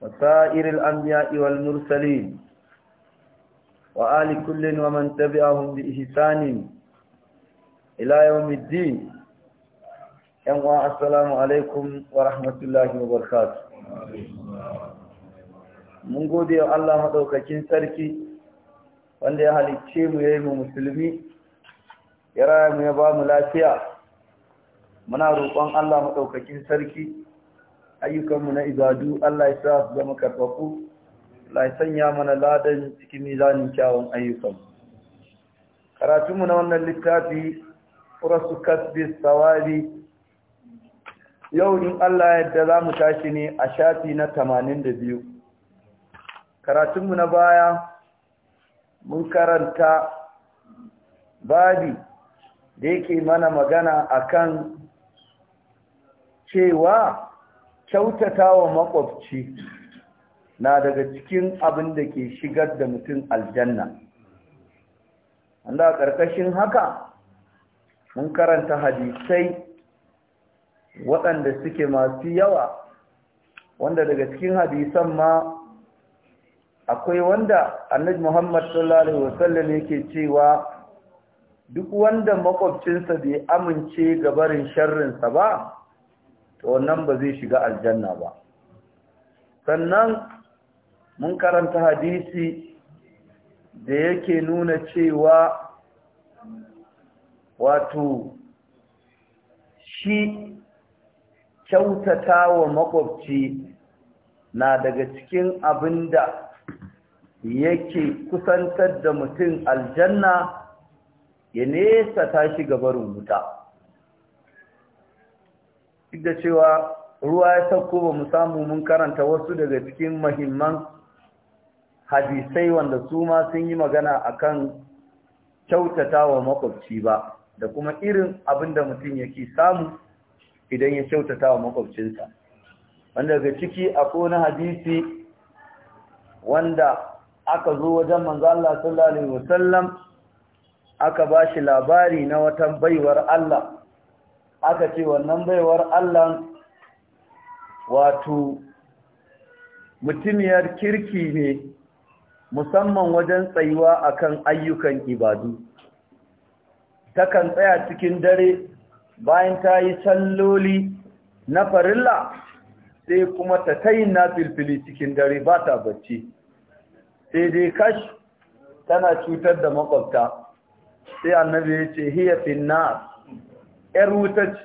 وسائر الأنبياء والمرسلين وآل كل ومن تبعهم بإحسان إلى يوم الدين ينوى السلام عليكم ورحمة الله وبركاته mun gode wa Allah maɗaukakin sarki wanda ya halicce mu ya yi mu musulmi ya raya mu ya ba mu lafiya muna roƙon Allah maɗaukakin sarki ayyukanmu na ibadu Allah ya sa su zama karfafu Allah ya sanya mana ladan cikin mizanin kyawun ayyukanmu karatunmu na wannan littafi furasu kasbi sawari yau in Allah ya yadda za mu tashi ne a shafi na tamanin da biyu. karatunmu na baya mun karanta babi da yake mana magana akan cewa kyautata wa makwabci na daga cikin abin da ke shigar da mutum aljanna wanda a ƙarƙashin haka mun karanta hadisai waɗanda suke masu yawa wanda daga cikin hadisan ma akwai wanda annabi Muhammad sallallahu alaihi wasallam yake cewa duk wanda makwabcinsa bai amince ga barin sharrinsa ba to wannan ba zai shiga aljanna ba sannan mun karanta hadisi da yake nuna cewa wato shi kyautata wa makwabci na daga cikin abinda yake kusantar da mutum aljanna ya nesa tashi gabarin wuta duk da cewa ruwa ya sauko ba mu samu mun karanta wasu daga cikin mahimman hadisai wanda su ma sun yi magana akan kyautata wa makwabci ba da kuma irin abin da mutum yake samu idan ya kyautata wa makwabcinsa wanda daga ciki a na hadisi wanda aka zo wajen manzo Allah sallallahu alaihi wasallam aka bashi labari na watan baiwar Allah aka ce wannan baiwar Allah wato mutumiyar kirki ne musamman wajen tsayuwa akan ayyukan ibadu takan tsaya cikin dare bayan ta yi salloli na farilla sai kuma ta tayin na filfili cikin dare ba ta bacci sai dai kash tana cutar da makwabta sai annabi ya ce hiya ‘yar wuta ce,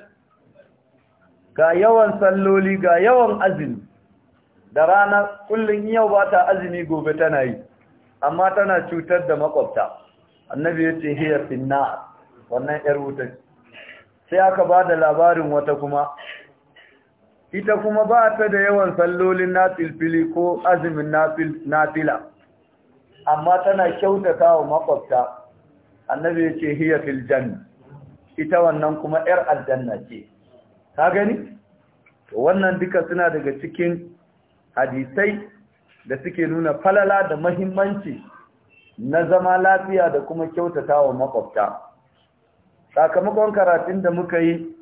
ga yawan salloli ga yawan azumi, da rana kullum yau ba ta azumi gobe tana yi, amma tana cutar da makwabta. Annabi ya ce, Hiyar finna, wannan ‘yar wuta ce. Sai aka ba da labarin wata kuma, ita kuma ba ta da yawan sallolin filfili ko azumin fila, amma tana kyautata wa makwabta. Annabi ya ce, Hiyar filjan. ita wannan kuma ‘yar aljanna ce ka gani wannan duka suna daga cikin hadisai da suke nuna falala da mahimmanci na zama lafiya da kuma kyautata wa makwabta sakamakon karatun da muka yi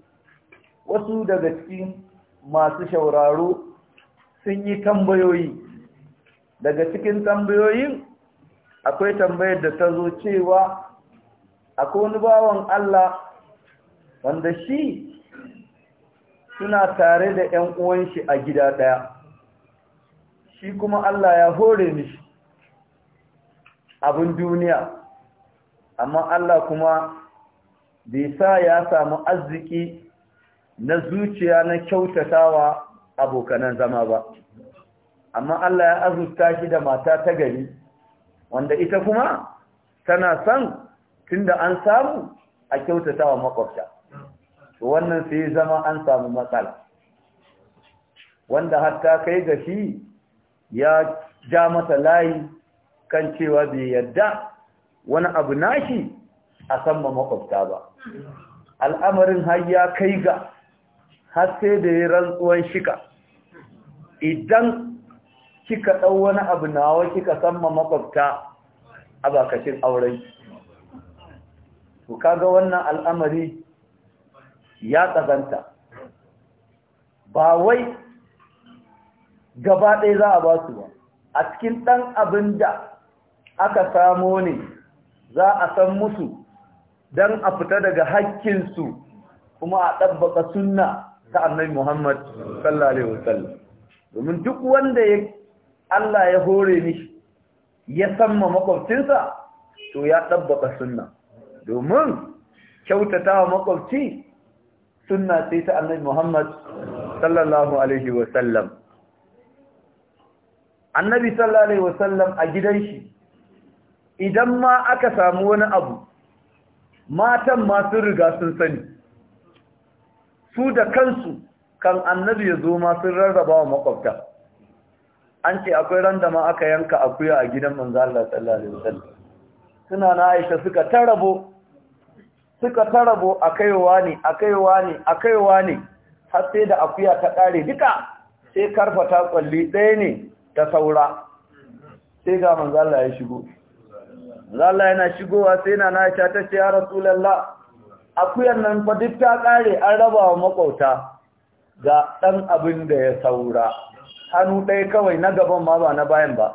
wasu daga cikin masu shauraro sun yi tambayoyi daga cikin tambayoyin akwai tambayar da ta zo cewa akwai wani bawan Allah wanda shi suna tare da ‘yan uwanshi a gida ɗaya shi kuma Allah ya hore mishi abin duniya amma Allah kuma bai sa ya samu arziki na zuciya na kyautatawa abokanan zama ba amma Allah ya azurta shi da mata ta gari wanda ita kuma tana son tunda an samu a kyautatawa makwabta to wannan sai zama an samu matsala wanda hatta kai ga shi ya ja masa layi kan cewa bai yadda wani abu nashi a san ma makwabta ba al'amarin har ya kai ga har sai da ya rantsuwan shika idan kika ɗau wani abu nawa kika san ma makwabta a bakashin auren ku kaga wannan al'amari ya tsaganta ba wai gaba ɗaya za a ba su ba a cikin ɗan abin da aka samo ne za a san musu don a fita daga haƙƙinsu kuma a ɗabbaka sunna ta annabi Muhammad sallallahu alaihi wasallam domin duk wanda ya Allah ya hore ni ya san ma makwabcinsa to ya ɗabbaka sunna domin kyautata wa makwabci sunna sai ta annabi Muhammad sallallahu alaihi wa sallam annabi sallallahu alaihi wa sallam a gidan shi idan ma aka samu wani abu matan ma sun riga sun sani su da kansu kan annabi ya zo ma sun rarraba wa makwabta an ce akwai randa ma aka yanka akuya a gidan manzo Allah sallallahu alaihi wasallam suna na Aisha suka tarabo suka tarabo a kaiwa ne a kaiwa ne a kaiwa ne har sai da akuya ta ƙare duka sai karfa ta ɗaya ne ta saura sai ga manzala ya shigo manzala yana shigowa sai na na ta tace ya rasulallah akuyan nan fa duk ta ƙare an raba wa makwauta ga ɗan abin da ya saura hannu ɗaya kawai na gaban ma ba na bayan ba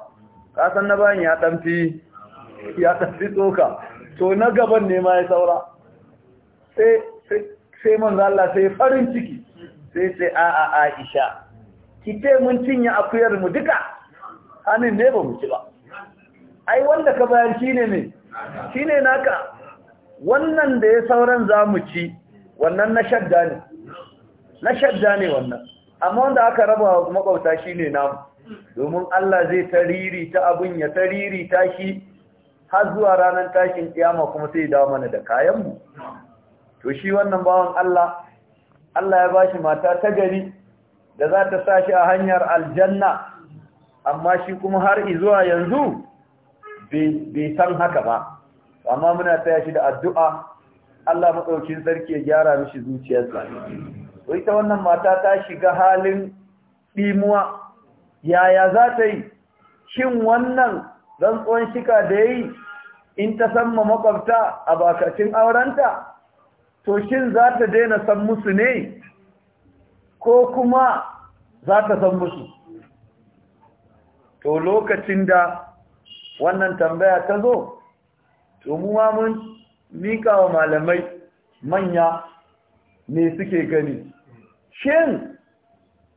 kasan na bayan ya ɗan fi tsoka to na gaban ne ma ya saura sai manzo Allah sai farin ciki sai sai, a a Aisha ki ce mun cinye akuyar mu duka hannun ne ba mu ci ba ai wanda ka bayar shine ne shine naka wannan da ya sauran za mu ci wannan na shadda ne na shadda ne wannan amma wanda aka raba makwabta shine namu domin Allah zai tariri ta abin ya tariri ta shi har zuwa ranar tashin kiyama kuma sai dawo mana da kayanmu to shi wannan bawan Allah Allah ya bashi mata ta gari da za ta sa shi a hanyar aljanna amma shi kuma har izuwa yanzu bai san haka ba amma muna taya shi da addu'a Allah matsaukin sarki ya gyara mishi zuciyarsa ita wannan mata ta shiga halin ɗimuwa yaya za ta yi shin wannan rantsuwan shika da ya yi in ta samma makwabta a bakacin aurenta to shin za ta daina san musu ne ko kuma za ta san musu to lokacin da wannan tambaya ta zo to mu mun mika wa malamai manya ne suke gani shin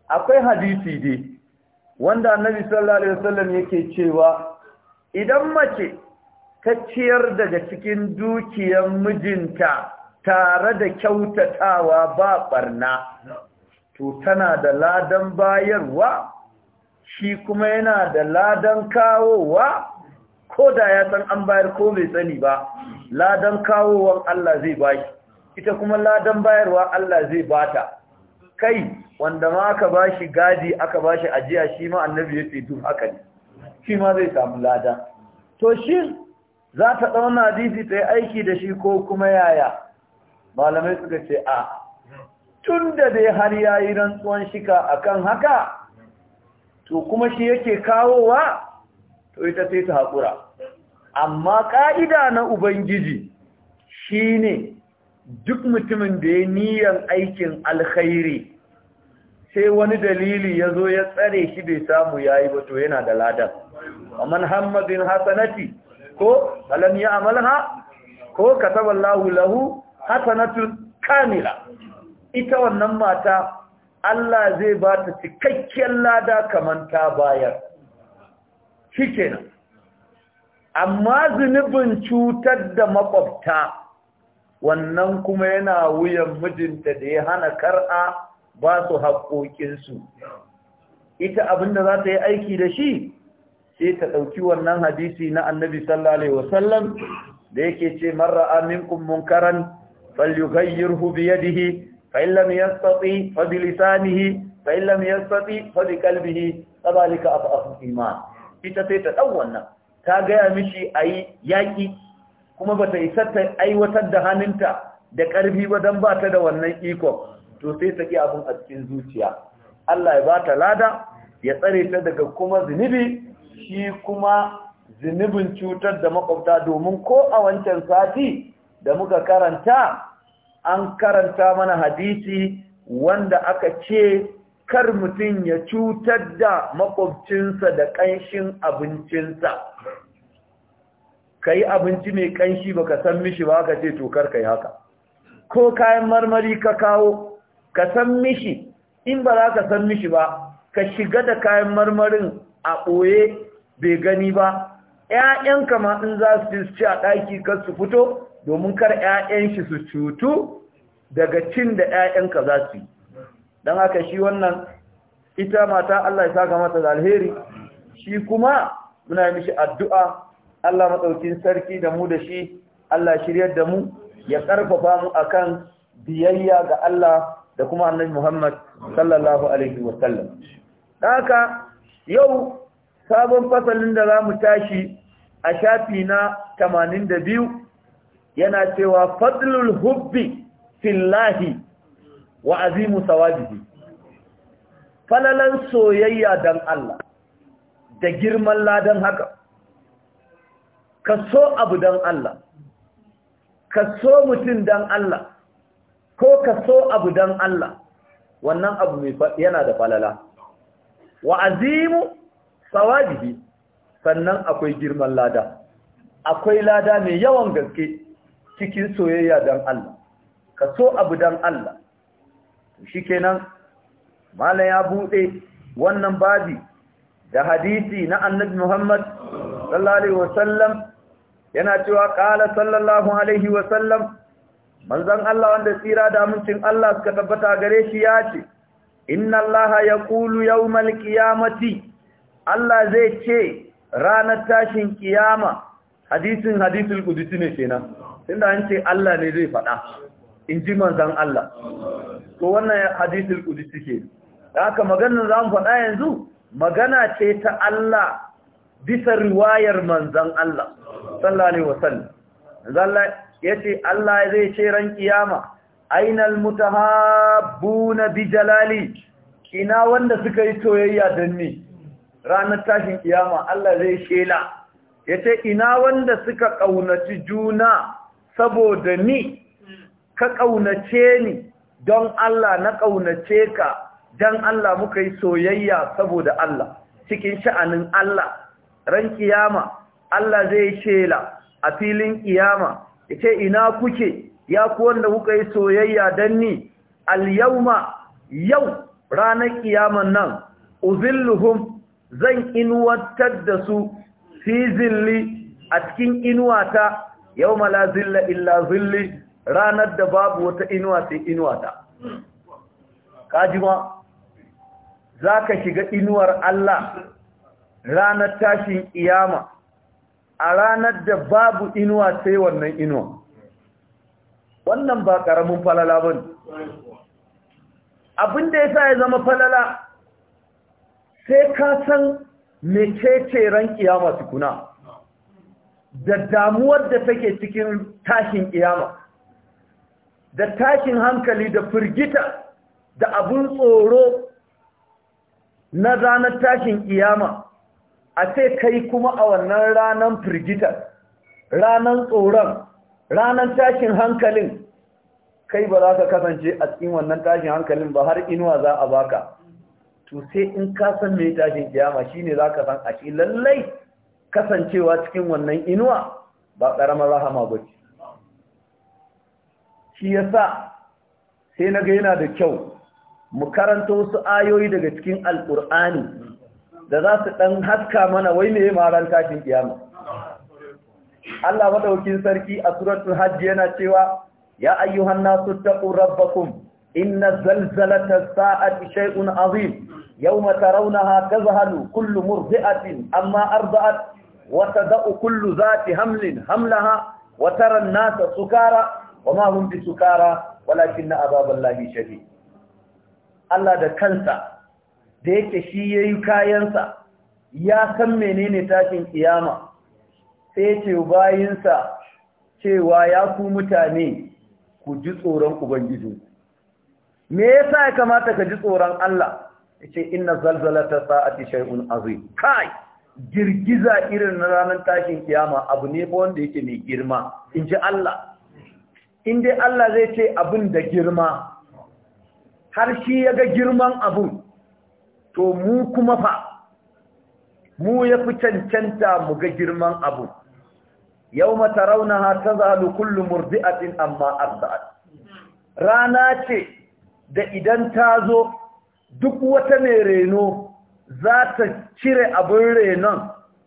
akwai hadisi dai wanda annabi sallallahu alaihi wasallam yake cewa idan mace ta ciyar daga cikin dukiyar mijinta tare da kyautatawa ba barna to tana da ladan bayarwa shi kuma yana da ladan kawowa ko da ya san an bayar ko bai sani ba ladan kawowan Allah zai shi. ita kuma ladan bayarwa Allah zai bata kai wanda ma aka bashi gadi aka bashi ajiya shi ma annabi ya ce duk haka ne shi ma zai samu lada to shi za ta dauna hadisi ta yi aiki da shi ko kuma yaya malamai suka ce a tun da dai har yi rantsuwan shika akan haka to kuma shi yake kawowa to ita sai ta haƙura amma ƙa'ida na ubangiji shi ne duk mutumin da ya niyan aikin alkhairi sai wani dalili ya zo ya tsare shi bai samu yayi ba to yana da ladan amman hammadin hasanati ko alam ya amalha ko kataballahu lahu hasanatu kamila ita wannan mata Allah zai ba ta cikakken lada kaman ta bayar shi kenan amma zunubin cutar da makwabta wannan kuma yana wuyan mijinta da ya hana kar'a ba su haƙoƙinsu ita abinda za ta yi aiki da shi sai ta ɗauki wannan hadisi na annabi sallallahu alaihi wasallam da yake ce marra'a minkum munkaran فليغيره بيده فإن لم يستطع فبلسانه فإن لم يستطع فبقلبه كذلك أضعف الإيمان ita sai ta ɗau wannan ta gaya mishi a yi yaƙi kuma ba ta isa ta aiwatar da hannunta da ƙarfi ba don ba ta da wannan iko. to sai ta ƙi abin a cikin zuciya Allah ya ba ta lada ya tsare ta daga kuma zunubi shi kuma zunubin cutar da makwabta domin ko a wancan sati da muka karanta an karanta mana hadisi wanda aka ce kar mutum ya cutar da makwabcinsa da ƙanshin abincinsa ka yi abinci mai ƙanshi baka san mishi ba ka ce tokar ka yi haka ko kayan marmari ka kawo ka san mishi in ba za ka san mishi ba ka shiga da kayan marmarin a ɓoye bai gani ba ‘ya'yanka ma in za su ci a ɗaki kar su fito domin kar ƴaƴan shi su cutu daga cin da ƴaƴanka za su yi dan haka shi wannan ita mata Allah ya saka mata da alheri shi kuma muna mishi addu'a Allah matsaukin sarki da mu da shi Allah shiryar da mu ya karfafa mu akan biyayya ga Allah da kuma annabi Muhammad sallallahu alaihi wa sallam haka yau sabon fasalin da za mu tashi a shafi na 82 yana cewa fadlul hubbi fillahi wa azimu sawabihi falalan soyayya dan Allah da girman ladan haka ka so abu dan Allah ka so mutum dan Allah ko ka so abu dan Allah wannan abu mai yana da falala wa azimu sawabihi sannan akwai girman lada akwai lada mai yawan gaske cikin soyayya don Allah ka so abu don Allah shi kenan malam ya buɗe wannan babi da hadisi na annabi Muhammad sallallahu alaihi wasallam yana cewa qala sallallahu alaihi wasallam manzon Allah wanda tsira da amincin Allah suka tabbata gare shi ya ce inna allaha yaqulu yawmal qiyamati Allah zai ce ranar tashin ƙiyama hadisin hadisul qudsi ne kenan inda an ce Allah ne zai faɗa in ji manzan Allah to wannan hadisul qudsi ke da haka maganar mu faɗa yanzu magana ce ta Allah bisa riwayar manzan Allah sallallahu alaihi wasallam zalla yace Allah zai ce ran kiyama ainal mutahabbuna bi jalali ina wanda suka yi soyayya dan ni ranar tashin kiyama Allah zai shela yace ina wanda suka kaunaci juna saboda ni ka ƙaunace ni don Allah na ƙaunace ka don Allah muka yi soyayya saboda Allah cikin sha'anin Allah ran kiyama Allah zai shela a filin kiyama yace ina kuke ya ku wanda kuka yi soyayya don ni al-yawma yau ranar kiyaman nan uzilluhum zan inuwatar da su fi zilli a cikin inuwata yau la zilla illa zilli ranar da babu wata inuwa sai inuwa ta kajima za ka shiga inuwar Allah ranar tashin iyama a ranar da babu inuwa sai wannan inuwa wannan ba ƙaramin falala ba abin da ya sa ya zama falala sai ka san mecece ran kiyama tukuna da damuwar da take cikin tashin iyama, da tashin hankali da firgita da abun tsoro na ranar tashin iyama, a ce kai kuma a wannan ranar firgita ranar tsoron ranar tashin hankalin kai ba za ka kasance a cikin wannan tashin hankalin ba har inuwa za a baka to sai in ka san mai tashin kiyama shine za ka san a shi lallai kasancewa cikin wannan inuwa ba ƙaramar rahama ba ce shi yasa sai na ga yana da kyau mu karanto wasu ayoyi daga cikin alƙur'ani da za su ɗan haska mana wai ne maran tashin kiyama Allah madaukin sarki a suratul hajji yana cewa ya ayyuhan nasu taqu rabbakum inna zalzalata sa'ati shay'un azim yawma tarawnaha tazhalu kullu murdi'atin amma arda'at وتدأ كل ذات حمل حملها وترى الناس سكارى وما هم بسكارى ولكن عذاب الله شديد Allah da kansa da yake shi ya yi kayansa ya san menene tashin kiyama sai ce bayinsa cewa ya ku mutane ku ji tsoron Ubangiji. Me yasa ya kamata ka ji tsoron Allah? Ya ce, Inna zalzalata sa'ati shay'un azim. Kai! girgiza irin na ranar tashin kiyama abu ne ba wanda yake mai girma in ji Allah in dai Allah zai ce abin da girma har shi ya ga girman abin to mu kuma fa mu ya fi cancanta mu ga girman abin yau mata rauna ha ta zalu kullum murdi'atin amma arza'at rana ce da idan ta zo duk wata mai reno za ta cire abin renon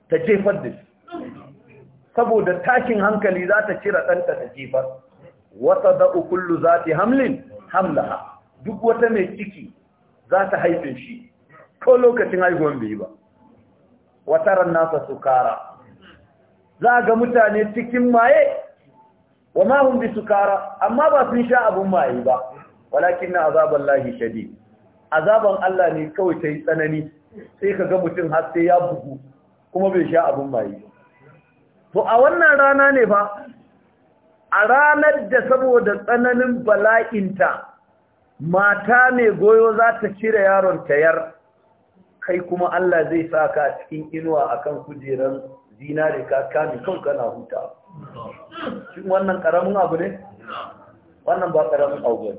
ta jefar da shi saboda takin hankali za ta cire ɗanta ta jefar wata da ukullu za ta hamlin ha. duk wata mai ciki za ta haifin shi ko lokacin haihuwan bai ba Wata ran nasa su kara za ga mutane cikin maye wa mahun bi su sukara amma ba sun sha abin maye ba walakin na azaban lahi shadi azaban Allah ne kawai ta yi tsanani sai ka ga mutum har sai ya bugu kuma bai sha abin maye to a wannan rana ne fa a ranar da saboda tsananin bala'inta mata mai goyo za ta cire yaron ta tayar kai kuma Allah zai sa ka cikin inuwa akan kujeran zinare ka kame kan kana huta shin wannan karamin abu ne wannan ba karamin abu ne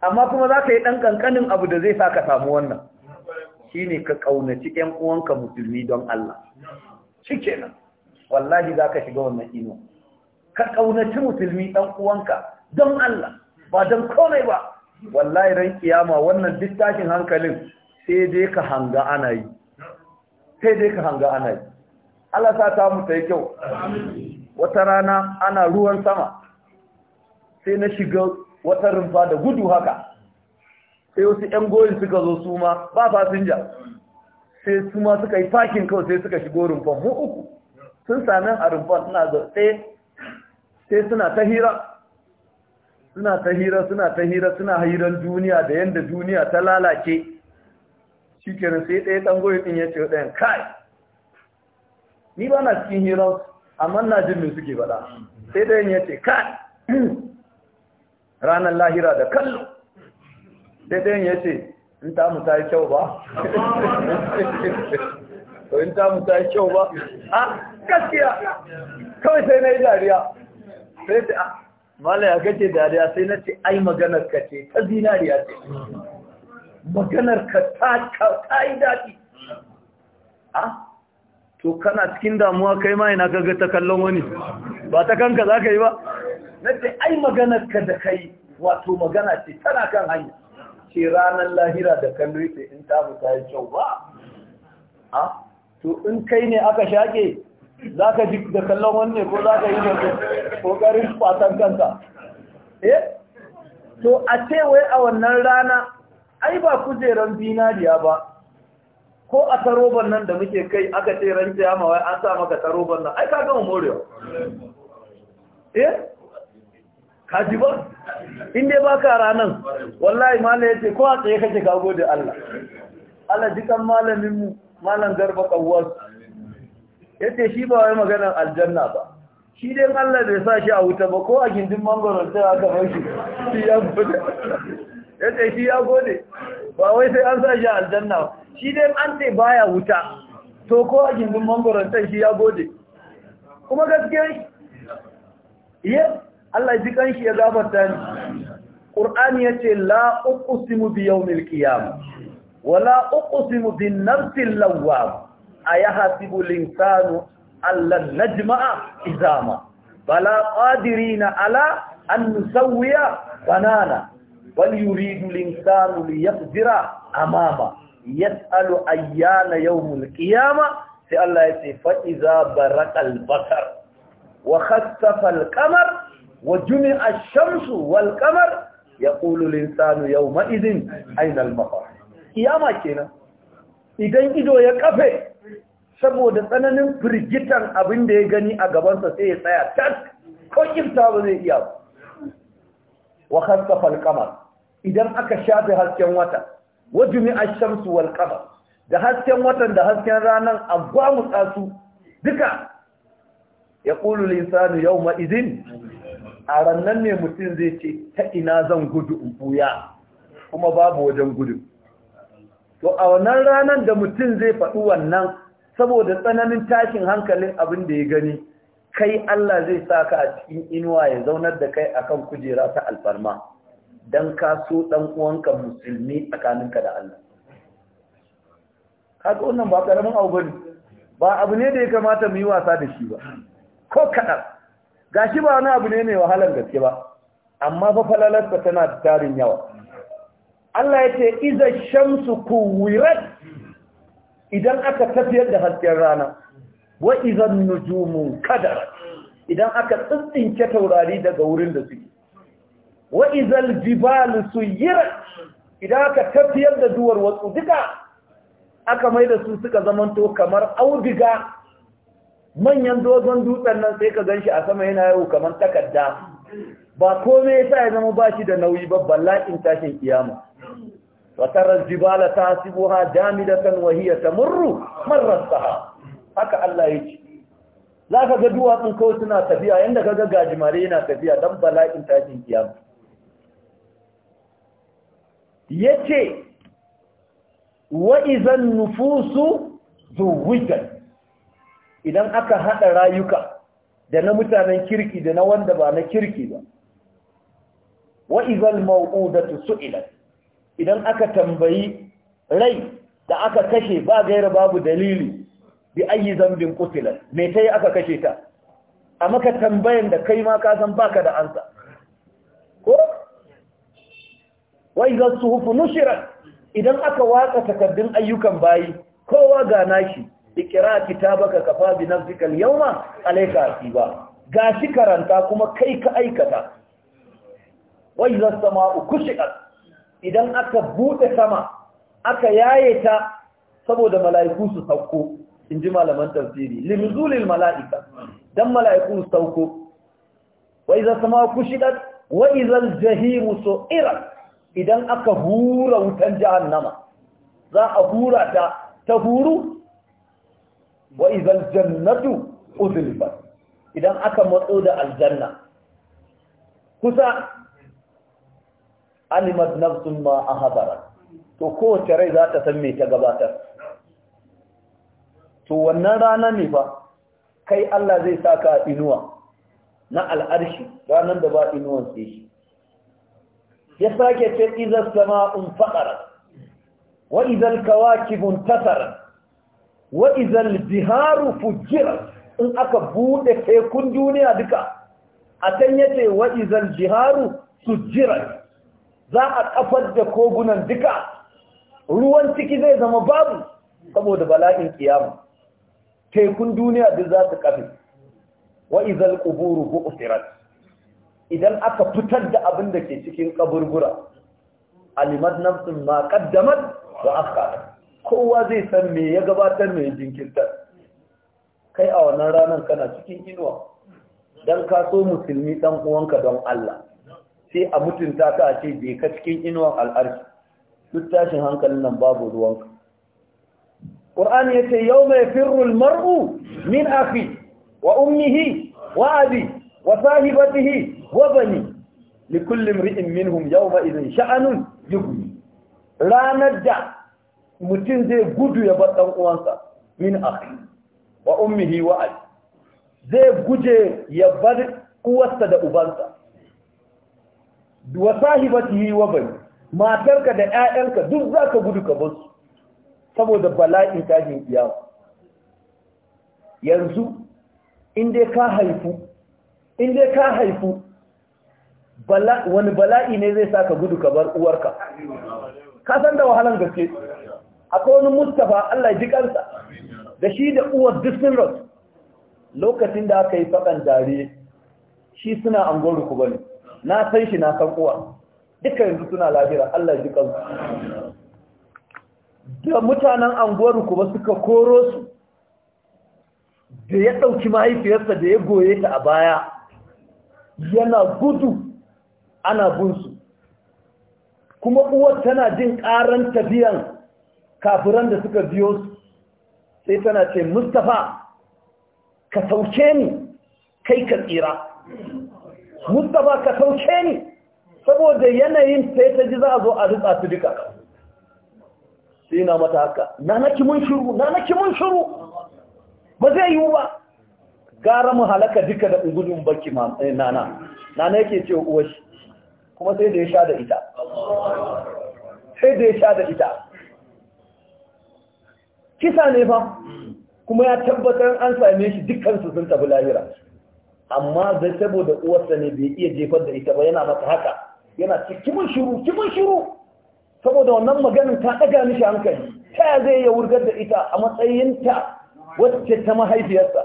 amma kuma za ka yi ɗan ƙanƙanin abu da zai sa ka samu wannan shine ka kaunaci ƴan uwanka musulmi don Allah shikenan wallahi zaka shiga wannan ino ka kaunaci musulmi ɗan uwanka don Allah ba don komai ba wallahi ran kiyama wannan duk hankalin sai dai ka hanga ana yi sai dai ka hanga ana yi Allah sa ta mu sai kyau wata rana ana ruwan sama sai na shiga wata rumfa da gudu haka sai wasu yan goyin suka zo su ma ba fasinja sai su ma suka yi fakin kawai sai suka shigo rumfan mu uku sun sami a rumfan suna zaɓe sai suna ta hira suna ta hira suna ta hira suna hairan duniya da yadda duniya ta lalace shi kenan sai ɗaya ɗan goyin ɗin ya ce ɗayan kai ni ba na cikin hiran amma na jin me suke faɗa sai ɗayan ya ce kai ranar lahira da kallo sai ɗayan ya ce in ta mu ta yi kyau ba to in ta mu ta yi kyau ba a ah, gaskiya kawai sai na yi dariya sai ta ah, malaya ya dariya sai na ce ai maganar ka ce ta zinariya ce maganar ka ta yi daɗi a ah, to kana cikin damuwa kai ma ina kaga ta kallon wani ba ta kanka za ka yi ba na ce ai maganar ka da kai wato magana ce tana kan hanya ce ranar lahira da kan rufe in ta fita yi kyau ba a to in kai ne aka shaƙe za ka ji da kallon wanne ko za ka yi da ƙoƙarin fatan kanta? eh to a ce wai a wannan rana ai ba kujeran zinariya ba ko a taroban nan da muke kai aka ce ran kiyama wai an sa maka taroban nan ai ka gama morewa eh kaji ba inda ba ka ranar wallahi malam ya ce kowa tsaye kake ka gode Allah Allah dukan malaminmu malam garba kawwas ya ce shi ba wai maganar aljanna ba shi dai Allah bai sa shi a wuta ba ko a gindin mangoron sai aka bar shi shi ya gode ya ce shi ya gode ba wai sai an sa shi a aljanna shi dai an ce baya wuta to ko a gindin mangoron sai shi ya gode kuma gaskiya yes Allah ji kanshi ya gabata ni Qur'ani yace la uqsimu bi yawmil qiyamah wala uqsimu bin nafsil lawwam ayahasibu al-insanu allan najma'a izama bala qadirina ala an nusawwiya banana bal yuridu al-insanu liyaqdira amama yas'alu ayyana yawmul qiyamah sai Allah yace fa iza baraqal basar wa khassafa al-qamar wa jumi'a shamsu wal qamar yaqulu al-insanu yawma idhin kenan idan ido ya kafe saboda tsananin firgitan abin da ya gani a gabansa sai ya tsaya tak ko kirta ba zai iya ba wa khasfafa al idan aka shafe hasken wata wa jumi'a shamsu wal qamar da hasken watan da hasken ranan an ba mu tsasu duka yaqulu al-insanu yawma idhin a rannan ne mutum zai ce ta ina zan gudu in buya kuma babu wajen gudu to a wannan ranar da mutum zai faɗi wannan saboda tsananin tashin hankalin abin da ya gani kai Allah zai sa ka a cikin inuwa ya zaunar da kai akan kujera ta alfarma don ka so ɗan uwanka musulmi tsakaninka da Allah kaga wannan ba ƙaramin abu ba abu ne da ya kamata mu yi wasa da shi ba ko kaɗan gashi ba wani abu ne mai wahalar gaske ba amma fa falalarsa tana da tarin yawa Allah ya ce iza shamsu kuwirat idan aka tafiyar da hasken rana wa izan nujumu kadar idan aka tsintsinke taurari daga wurin da suke wa izal jibalu suyira idan aka tafiyar da duwar wasu duka aka mai da su suka zamanto kamar audiga manyan dogon dutsen nan sai ka gan shi a sama yana yau kamar takarda ba komai ya sa ya zama ba shi da nauyi ba bala'in tashin kiyama watarar jibala ta sibo ha jamidatan wahiya ta murru marar saha haka Allah ya ce za ka ga duwatsun kawai suna tafiya yadda ka ga gajimare yana tafiya don bala'in tashin kiyama ya ce wa'izan nufusu zuwigan idan aka haɗa rayuka da na mutanen kirki da na wanda ba na kirki ba wa izal mau'udatu su'ilat idan aka tambayi rai da aka kashe ba gaira babu dalili bi ayi zambin qutilat me tayi aka kashe ta a maka tambayan da kai ma ka san baka da ansa ko wa izal suhuf nushira idan aka watsa takaddun ayyukan bayi kowa ga nashi ikira kitabaka kafa bi nafsika al-yawma alayka hasiba gashi karanta kuma kai ka aikata wa idha samaa'u kushiqat idan aka bude sama aka yaye ta saboda mala'iku su sauko inji malaman tafsiri limzulil mala'ika dan mala'iku su sauko wa idha samaa'u kushiqat wa idha al-jahimu su'irat idan aka hura wutan jahannama za a hura ta ta huru wa izal jannatu uzlifat idan aka matso da aljanna kusa alimat nafsun ma ahadara to kowace rai za ta san me ta gabatar to wannan rana ne fa kai Allah zai saka inuwa na al'arshi ranar da ba inuwan sai shi ya sake ce izar sama'un faɗara wa izar kawakibun wa izal biharu fujira in aka bude tekun duniya duka a can yace wa izal biharu sujira za a kafar da kogunan duka ruwan ciki zai zama babu saboda bala'in kiyama tekun duniya duk za su kafe wa izal quburu bu'thirat idan aka fitar da abin da ke cikin kaburbura alimat nafsin ma qaddamat wa akhirat kowa zai san me ya gabatar mai jinkirta. kai a wannan ranar kana cikin inuwa don ka so musulmi dan uwanka don Allah sai a mutunta ka a ce bai ka cikin inuwan al'arki duk tashin hankalin nan babu ruwanka ƙur'ani ya ce yau mai firrul mar'u min afi wa ummihi wa abi wa sahibatihi wa bani likullin ri'in minhum yau ma izin sha'anun yugu ranar da mutum zai gudu ya bar ɗan uwansa min akhi wa ummihi wa ali zai guje ya bar uwarsa da ubansa wa sahibatihi wa bani matarka da 'ya'yanka duk za ka gudu ka bar su saboda bala'in tashin kiyama yanzu in dai ka haifu in dai ka haifu wani bala'i ne zai sa ka gudu ka bar uwarka ka san da wahalan gaske akwai wani mustafa Allah ji kansa da shi da uwar disney road lokacin da aka yi faɗan dare shi suna an gori ku bane na san shi na san uwa duka yanzu suna lahira Allah ji kansa da mutanen anguwar ku ba suka koro su da ya ɗauki mahaifiyarsa da ya goye ta a baya yana gudu ana bunsu kuma uwar tana jin ƙaran tafiyan kafiran da suka biyo sai tana ce mustapha ka sauke ni kai ka tsira mustapha ka sauke ni saboda yanayin sai ta ji za a zo a rutsa su duka sai na mata haka na naki mun shuru na naki mun shuru ba zai yiwu ba gara mu halaka duka da ungudun baki eh, nana nana yake ce uwashi kuma sai da ya sha da ita sai da ya sha da ita kisa ne fa kuma ya tabbatar an same shi dukkansu sun tafi lahira amma zai saboda uwarsa ne bai iya jefar da ita ba yana masa haka yana ce mun shiru mun shiru saboda wannan maganin ta ɗaga mishi hankali ta zai ya wurgar da ita a matsayinta wacce ta mahaifiyarsa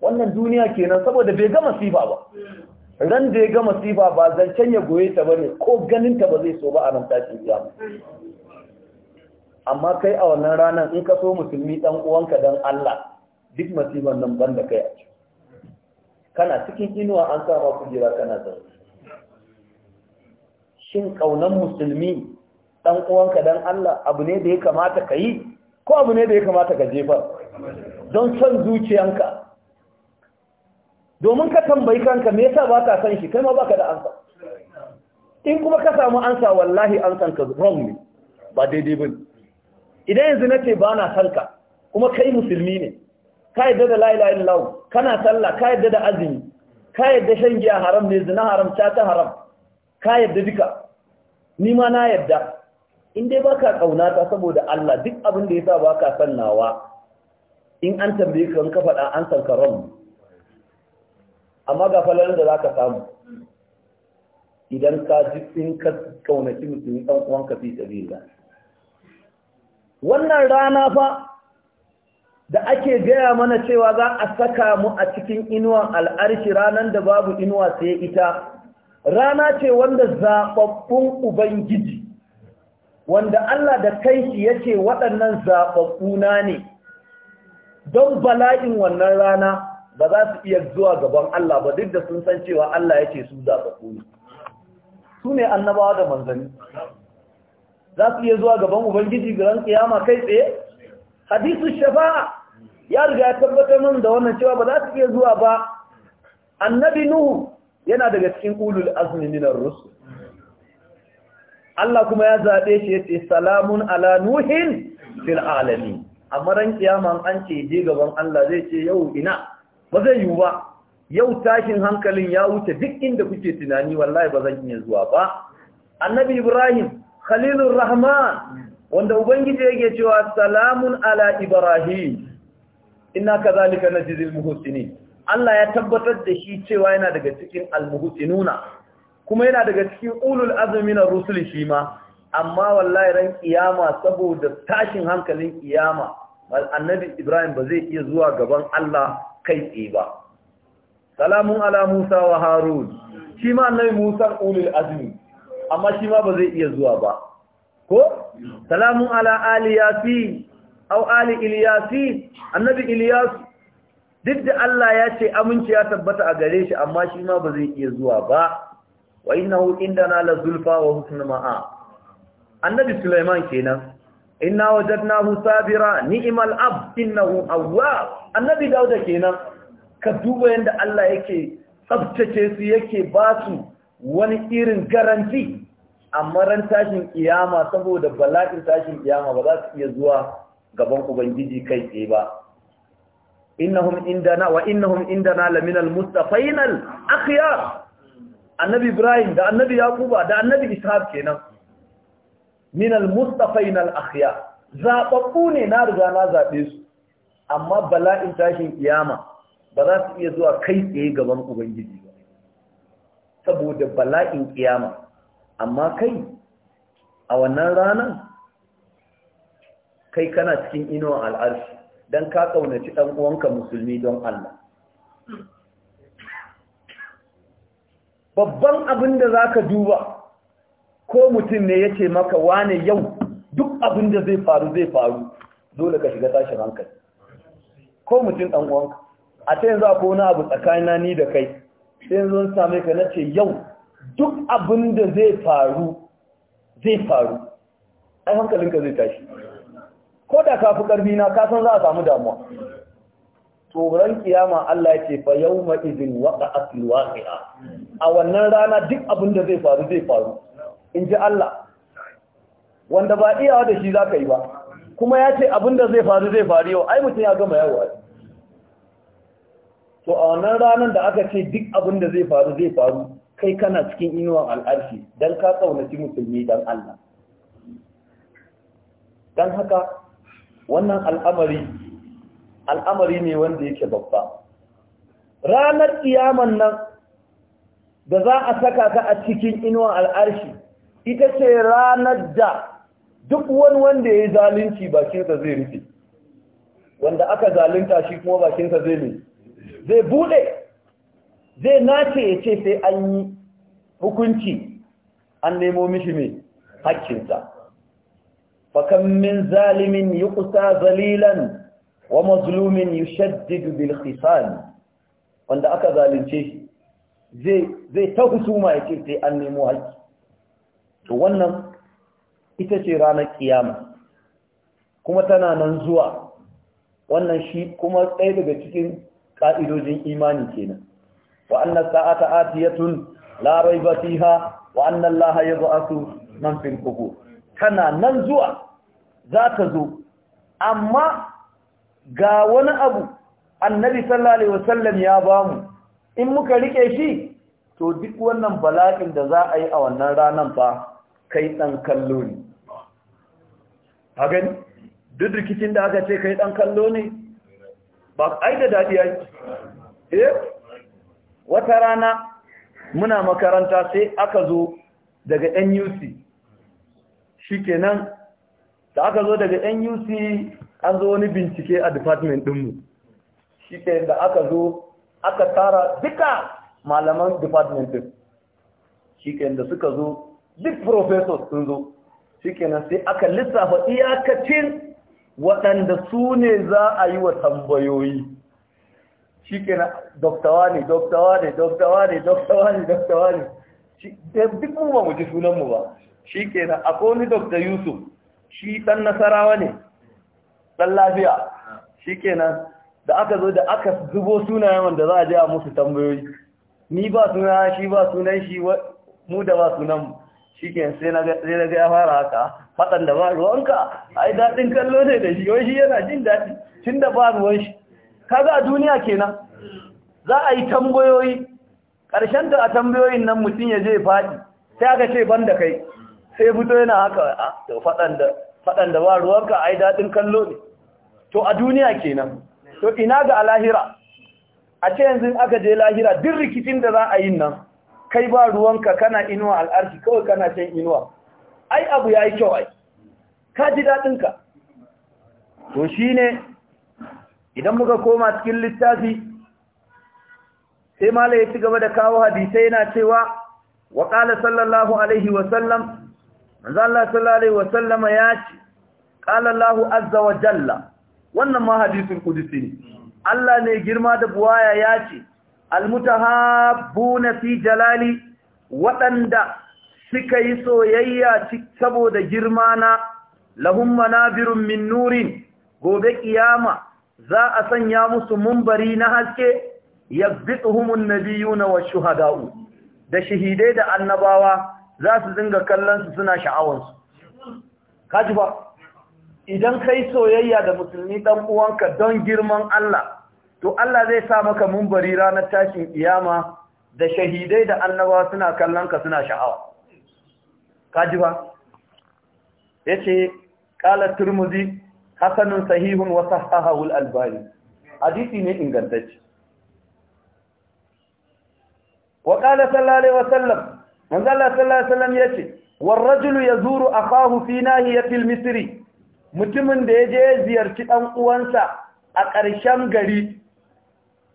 wannan duniya kenan saboda bai gama sifa ba ran da ya gama sifa ba zancen ya goye ta bane ko ganin ta ba zai so ba a nan tashin ba. amma kai a wannan ranar in ka so musulmi dan uwanka dan Allah duk masiban nan banda kai a ci kana cikin inuwa an sa ma kujera kana zaune shin kaunan musulmi dan uwanka dan Allah abu ne da ya kamata ka yi ko abu ne da ya kamata ka jefa don son zuciyanka domin ka tambayi kanka me yasa ba ka san shi kai ma baka da ansa in kuma ka samu ansa wallahi ansan ka wrong ne ba daidai bane idan yanzu na ce ba na salka kuma kai musulmi ne ka yadda da la'ila lau kana salla ka yadda da azumi ka yadda shan giya haram ne zina haram cata haram ka yadda duka ni ma na yadda in dai baka ta saboda Allah duk abin da ya yasa baka sannawa in an tambaye ka ka faɗa an salka amma ga falalan da zaka samu idan ka ji in ka kaunaci mutum ɗan uwanka fi sabilillah wannan rana fa da ake gaya mana cewa za a saka mu a cikin inuwan al'arshi ranar da babu inuwa sai ita rana ce wanda zaɓaɓɓun ubangiji wanda Allah da kai ya ce waɗannan zaɓaɓɓuna ne don bala'in wannan rana ba za su iya zuwa gaban Allah ba duk da sun san cewa Allah ya ce su su ne annabawa da manzanni za su iya zuwa gaban ubangiji ran kiyama kai tsaye hadisu shafa'a ya riga ya tabbatar mun da wannan cewa ba za su iya zuwa ba annabi nuhu yana daga cikin ulul azmi minar rusul Allah kuma ya zaɓe shi yace salamun ala nuhin fil alamin amma ran kiyama an ce je gaban Allah zai ce yau ina ba zai yiwu ba yau tashin hankalin ya wuce duk inda kuke tunani wallahi ba zan iya zuwa ba annabi ibrahim khalilur rahman wanda ubangiji yake cewa salamun ala ibrahim inna kadhalika najzil muhsinin Allah ya tabbatar da shi cewa yana daga cikin almuhsinuna kuma yana daga cikin ulul azmi na rusul shi ma amma wallahi ran kiyama saboda tashin hankalin kiyama annabi ibrahim ba zai iya zuwa gaban Allah kai tsaye ba salamun ala musa wa harun shi ma annabi musa ulul azmi amma shi ma ba zai iya zuwa ba ko salamun ala ali yasi au ali ilyasi annabi ilyas duk da Allah ya ce aminci ya tabbata a gare shi amma shi ma ba zai iya zuwa ba wa innahu indana la zulfa wa husna ma'a annabi sulaiman kenan inna wajadnahu sabira ni'mal ab innahu awwab annabi dauda kenan ka duba yanda Allah yake tsabtace su yake ba su wani irin garanti amma ran tashin kiyama saboda bala'in tashin kiyama ba za su iya zuwa gaban ubangiji kai tsaye ba innahum indana wa innahum indana laminal mustafainal akhyar annabi ibrahim da annabi Yakuba, da annabi ishaq kenan minal mustafainal akhyar zababbu ne na riga na zabe su amma bala'in tashin kiyama ba za su iya zuwa kai tsaye gaban ubangiji ba saboda bala'in kiyama amma kai a wannan ranar kai kana cikin inuwan al'arshi don ka kaunaci ɗan uwanka musulmi don Allah babban abin da za ka duba ko mutum ne ya ce maka wane yau duk abin da zai faru zai faru dole ka shiga tashin hankali ko mutum ɗan uwanka a ta yanzu akwai wani abu tsakanina ni da kai sai yanzu same ka na ce yau duk abin da zai faru zai faru ai hankalinka zai tashi ko da ka fi ƙarfi na kasan za a samu damuwa tsoron kiyama Allah ce fa yau ma'izin waka asil waƙi'a a wannan rana duk abin da zai faru zai faru in ji Allah wanda ba iyawa da shi za ka yi ba kuma ya ce abin da zai faru zai faru yau ai mutum ya gama yawa to a wannan ranar da aka ce duk abin da zai faru zai faru kai kana cikin inuwan al'arshi don ka ƙaunaci musulmi don Allah don haka wannan al'amari al'amari ne wanda yake babba ranar iyaman nan da za a saka ka a cikin inuwan al'arshi ita ce ranar da duk wani wanda ya yi zalunci bakinsa zai rufe wanda aka zalunta shi kuma bakinsa zai ne zai buɗe zai nace ya ce sai an yi hukunci an nemo mishi mai hakkinsa fakan min zalimin yi kusa zalilan wa mazlumin yi shaddidu bil wanda aka zalince shi zai ta husuma ya ce sai an nemo haƙƙi to wannan ita ce ranar ƙiyama. kuma tana nan zuwa wannan shi kuma tsaye daga cikin ƙa'idojin imani kenan وأن tun آتية لا ريب فيها وأن الله يبعث من في القبور كان ننزوع ذات زو أما قاون أبو النبي صلى الله عليه وسلم يا بامو in muka riƙe shi to duk wannan bala'in da za a yi a wannan ranar fa kai ɗan kallo ne a gani duk rikicin da aka ce kai ɗan kallo ne ba ai da daɗi ai wata rana muna makaranta sai aka zo daga nuc shikenan da aka zo daga nuc an zo wani bincike a department ɗinmu shikenan da aka zo aka tara duka malaman department ɗin shikenan da suka zo duk professors sun zo shikenan sai aka lissafa iyakacin waɗanda su ne za a yi wa tambayoyi shi ke na doktawa ne doktawa ne doktawa ne doktawa ne doktawa ne duk mu ba mu ji sunanmu ba shi ke na akwai dokta yusuf shi ɗan nasarawa ne ɗan lafiya shi ke na da aka zo da aka zubo sunayen wanda za a je a musu tambayoyi ni ba suna shi ba sunan shi mu da ba sunanmu shi ke sai na ga ya fara haka faɗan da ba ruwanka ai daɗin kallo ne da shi wai shi yana jin daɗi tun da ba ruwan shi kaga a duniya kenan za a yi tambayoyi ƙarshen da a tambayoyin nan mutum ya je faɗi sai aka ce ban da kai sai fito yana haka ah, to faɗan da ba ruwanka ai daɗin kallo ne to a duniya kenan to ina ga a lahira a ce yanzu aka je lahira duk rikicin da za a yi nan kai ba ruwanka kana inuwa alarki kawai kana shan inuwa ai abu ya yi kyau ai ka ji daɗinka to shi ne idan muka koma cikin littafi sai mala ya ci gaba da kawo hadisai yana cewa wa qala sallallahu alaihi wa sallam sallallahu alaihi wa sallama ya ce qala Allah azza wa jalla wannan ma hadisul qudsi ne Allah ne girma da buwaya ya ce almutahabbuna fi jalali waɗanda suka yi soyayya saboda girma na lahum manabirun min nurin gobe kiyama za a sanya musu mumbari na haske yabdithumun nabiyuna washuhada'u da shahidai da annabawa za su dinga kallon su suna sha'awansu kaji ba idan kai soyayya da musulmi dan uwanka don girman Allah to Allah zai sa maka mumbari ranar tashin kiyama da shahidai da annabawa suna kallon ka suna sha'awa kaji ba yace qala turmuzi hasanun sahihun wa sahahahu al-albani hadisi ne ingantacce wa qala sallallahu alaihi wasallam manzo Allah sallallahu alaihi wasallam yace war rajulu a akahu fi nahiyati al-misri mutumin da ya je ziyarci ɗan uwansa a ƙarshen gari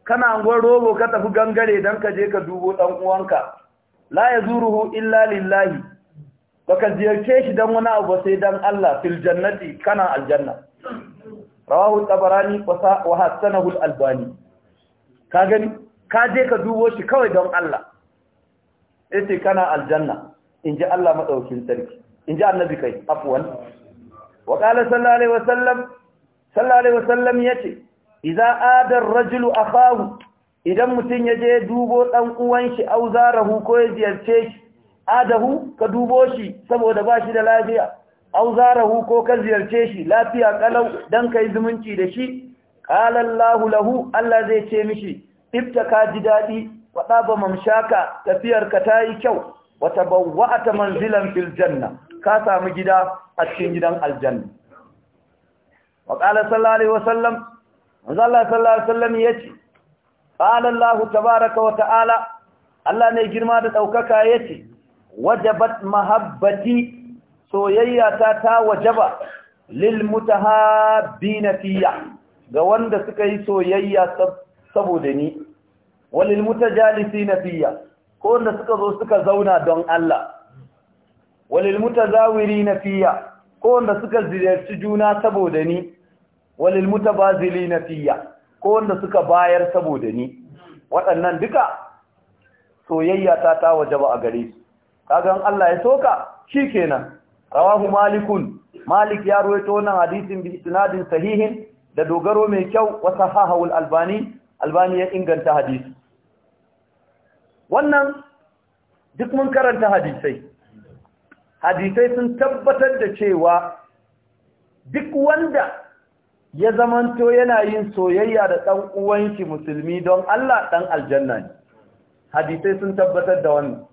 kana angon robo ka tafi gangare don ka je ka dubo ɗan uwanka la yazuruhu illa lillahi baka ziyarce shi don wani abu sai don Allah fil jannati kana aljanna rawahu tabarani wa hasanahu albani ka gani ka je ka dubo shi kawai don Allah yace kana aljanna inji Allah madaukin sarki inji annabi kai afwan wa qala sallallahu alaihi wasallam sallallahu alaihi wasallam yace idza adar rajulu akahu idan mutun yaje dubo dan uwan shi auzarahu ko ya ziyarce shi adahu ka dubo shi saboda bashi da lafiya au zarahu ko ka ziyarce shi lafiya kalau dan kai zumunci da shi qala Allahu lahu Allah zai ce mishi ibtaka ji dadi wada ba mamshaka tafiyar ka tayi kyau wa tabawwa'ta manzilan fil janna ka samu gida a cikin gidan aljanna wa qala sallallahu alaihi wasallam Allah sallallahu alaihi wasallam yace qala Allahu tabaaraka wa ta'ala Allah ne girma da daukaka yace wajabat mahabbati soyayya ta ta wajaba lil mutahabbina ga wanda suka yi soyayya saboda ni walil mutajalisinatiya ko wanda suka zo suka zauna don Allah walil mutazawirinatiya ko wanda suka ziyarci juna saboda ni walil mutabazilinatiya ko wanda suka bayar saboda ni waɗannan duka soyayya ta ta wajaba a gare su kagan Allah ya soka shikenan rawahu malikun malik ya ruwaito wannan hadisin bi isnadin sahihin da dogaro mai kyau wa sahahu al-albani albani ya inganta hadisi wannan duk mun karanta hadisai hadisai sun tabbatar da cewa duk wanda ya zamanto yana yin soyayya da ɗan uwanshi musulmi don Allah ɗan aljanna ne hadisai sun tabbatar da wannan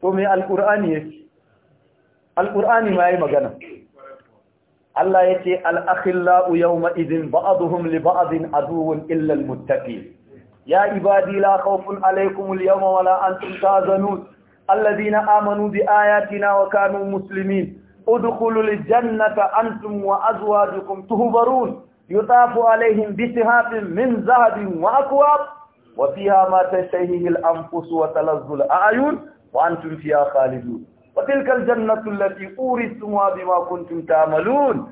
to me alkur'ani yake Al'ur'ani ma yi magana Allah ya ce akhillau yawma idhin ba'dhum li ba'dhin aduhun illal al ya ibadi la khawfun alaykum al-yawma wa la antum tahzanun alladhina amanu bi ayatina wa kanu musulmi udukulul jannata antum wa azwajukum tuhbarun yutafu alayhim bi sihabin min zahabin wa akwab وفيها ما تشتهيه الأنفس وتلذ an tun fiya خالدون wa tilkal jannatu allati urisuha bima kuntum ta'malun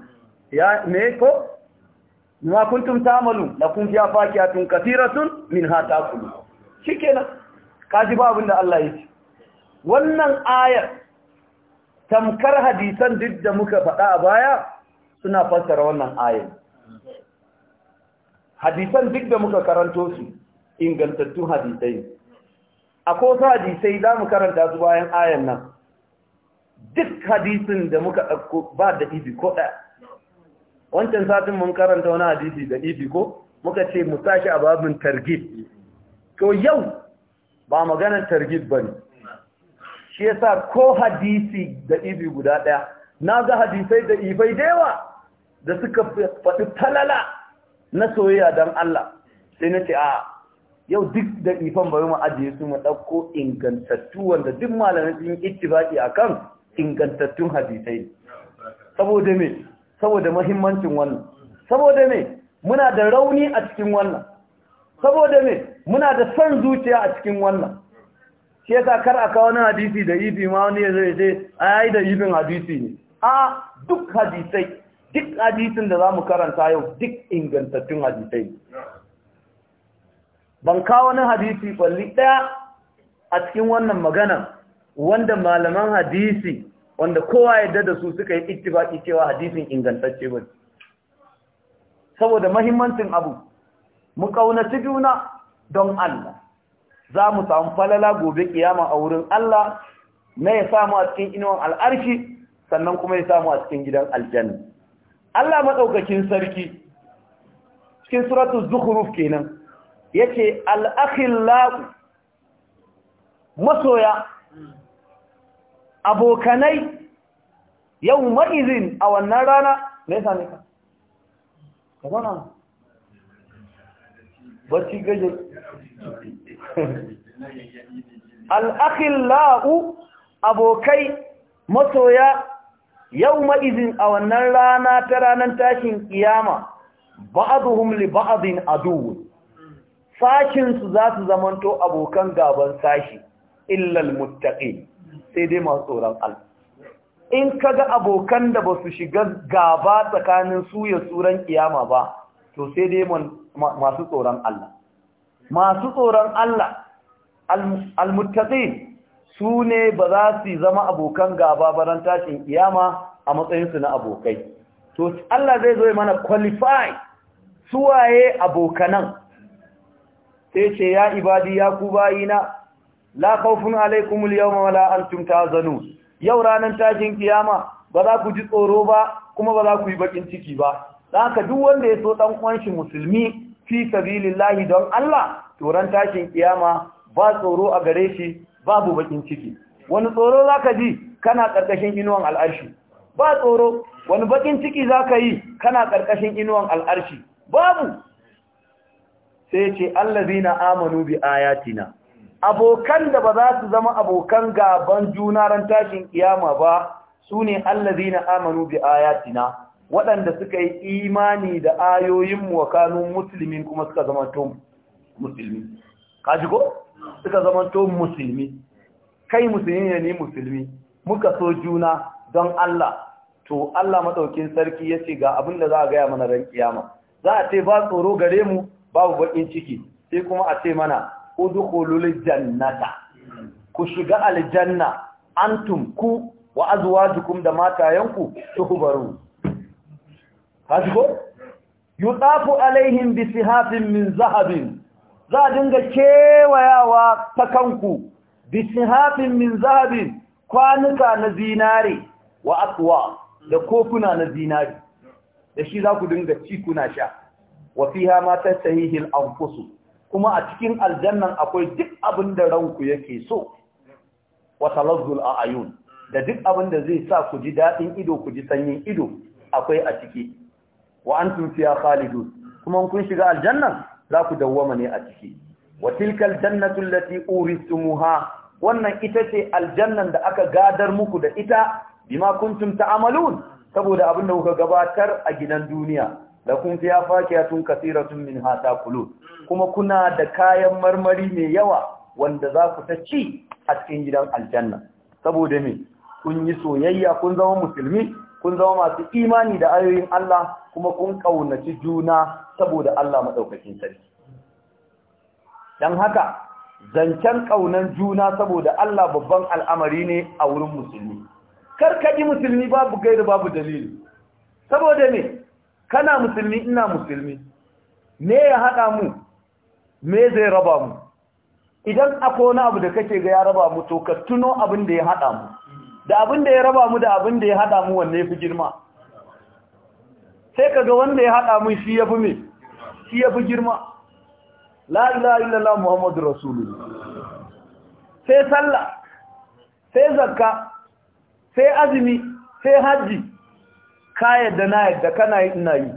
ya me ko bima kuntum ta'malun lakum fiha fakihatun kathiratun minha ta'kulun shikenan kaji ba abinda Allah yake wannan ayar tamkar hadisan duk da muka faɗa a baya suna fassara wannan ayar hadisan duk da muka karanto su ingantattun hadisai akwai wasu hadisai za mu karanta su bayan ayan nan duk hadisin da muka ɗauko ba da ifi ko ɗaya wancan satin mun karanta wani hadisi da ko muka ce mu sashi a babin targib to yau ba maganar targib ba ne shi yasa ko hadisi da guda ɗaya na ga hadisai da ibai da yawa da suka faɗi talala na soyayya don Allah sai na ce a yau duk da ifan bari mu ajiye su mu ɗauko ingantattu wanda duk malamai sun yi a ingantattun hadisai saboda me saboda muhimmancin wannan saboda me muna da rauni a cikin wannan saboda me muna da son zuciya a cikin wannan shi yasa kar a kawo wani hadisi da ibi ma wani zai ce da ibin hadisi ne a duk hadisai duk hadisin da za mu karanta yau duk ingantattun hadisai ban kawo wani hadisi balli ɗaya a cikin wannan magana wanda malaman hadisi wanda kowa ya dada su suka yi ittifaki cewa hadisin ingantacce ba saboda mahimmancin abu mu kaunaci juna don Allah za mu samu falala gobe kiyama a wurin Allah na ya samu a cikin inuwan al'arshi sannan kuma ya samu a cikin gidan aljanna Allah maɗaukakin sarki cikin suratu zukhruf kenan yace al masoya abokanai yau ma'izin a wannan rana na yasa ne ka ka bacci gaje al'akillahu abokai masoya yau ma'izin a wannan rana ta ranar tashin kiyama ba'aduhum li a aduwun sashinsu za su zamanto abokan gaban sashi illal mutaƙi sai dai masu tsoron Allah in kaga abokan da ba su shiga gaba tsakanin su ya tsoron kiyama ba to sai dai masu tsoron Allah masu tsoron Allah almuttaqin su ne ba za su zama abokan gaba baran tashin kiyama a matsayinsu na abokai to Allah zai zo mana qualify suwaye abokanan sai ce ya ibadi ya ku bayina la khawfun alaykum al-yawma wala antum yau ranan tashin kiyama ba za ku ji tsoro ba kuma ba za ku yi bakin ciki ba dan haka duk wanda ya so dan uwan shi musulmi fi sabilillahi don Allah to ran tashin kiyama ba tsoro a gare shi babu bakin ciki wani tsoro zaka ji kana karkashin inuwan al'arshi ba tsoro wani bakin ciki zaka yi kana karkashin inuwan al'arshi babu sai ce allazina amanu bi ayatina abokan da ba za su zama abokan gaban juna ran tashin kiyama ba su ne allazi na amanu bi ayatina waɗanda suka yi imani da ayoyin wa kanun musulmi kuma suka zama to musulmi kaji ko suka zama to musulmi kai musulmi ne ni musulmi muka so juna don Allah to Allah madaukin sarki ya ce ga abin da za a gaya mana ran kiyama za a ce ba tsoro gare mu babu baƙin ciki sai kuma a ce mana udkhulul jannata ku shiga aljanna antum ku wa azwajukum da matayanku tuhbaru kajigo yutafu alaihim sihafin min zahabin za dinga kewayawa ta kanku sihafin min zahabin kwanuka na zinare wa da kofuna na zinare da shi za ku dinga ci kuna sha wa fiha ma tasahihil anfusu kuma a cikin aljannan akwai duk abin da ranku yake so wata lazzul a ayun da duk abin da zai sa ku ji daɗin ido ku ji sanyin ido akwai a ciki wa an tunfiya khalidun kuma kun shiga aljannan za ku dawwama ne a ciki wa tilkal jannatu allati uristumuha wannan ita ce aljannan da aka gadar muku da ita bima kuntum ta'malun saboda abin da kuka gabatar a gidan duniya lakum fakiya tun kasiratun hata kulu kuma kuna da kayan marmari mai yawa wanda za ku ta ci a cikin gidan aljanna saboda me kun yi soyayya kun zama musulmi kun zama masu imani da ayoyin Allah kuma kun kaunaci juna saboda Allah madaukakin sarki dan haka zancen kaunan juna saboda Allah babban al'amari ne a wurin musulmi karkaji musulmi babu gairu babu dalili saboda me. kana musulmi ina musulmi me ya haɗa mu me zai raba mu idan akwai wani abu da kake ga ya raba mu to ka tuno abin da ya haɗa mu da abin da ya raba mu da abin da ya haɗa mu wanne fi girma sai ka ga wanda ya haɗa mu shi ya fi me shi ya fi girma la ilaha illallah muhammadu rasulullah sai sallah sai zakka sai azumi sai hajji ka yadda na yadda kana yi ina yi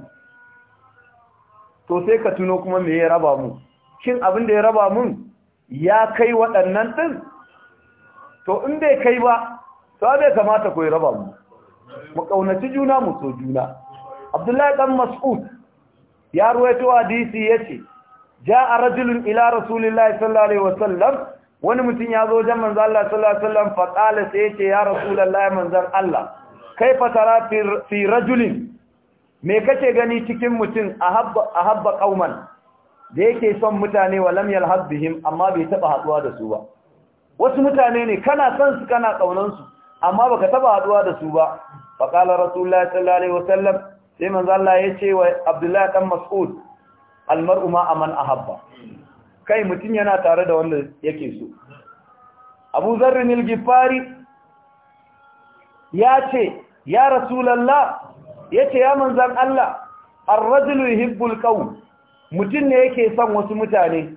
to sai ka tuno kuma me ya raba mu shin abin da ya raba mun ya kai waɗannan ɗin to in bai kai ba to bai kamata ku yi raba mu mu ƙaunaci juna mu so juna abdullahi ɗan mas'ud ya ruwaito hadisi yace ja'a rajulun ila rasulillahi sallallahu alaihi wasallam wani mutum ya zo wajen manzo Allah sallallahu alaihi wasallam fa qala ya yace ya rasulullahi manzon Allah kai tara fi rajulin me kake gani cikin mutum a habba kauman da yake son mutane wa lam yalhab amma bai taba haduwa da su ba wasu mutane ne kana son su kana kaunan su amma baka taba haduwa da su ba fa qala rasulullahi sallallahu alaihi wasallam sai manzo Allah ya ce wa Abdullahi dan Mas'ud almar'u ma aman ahabba kai mutum yana tare da wanda yake so Abu zarrin al gifari ya ce ya rasulallah ya ce ya manzan Allah arrajulu yuhibbul qawm mutum ne yake son wasu mutane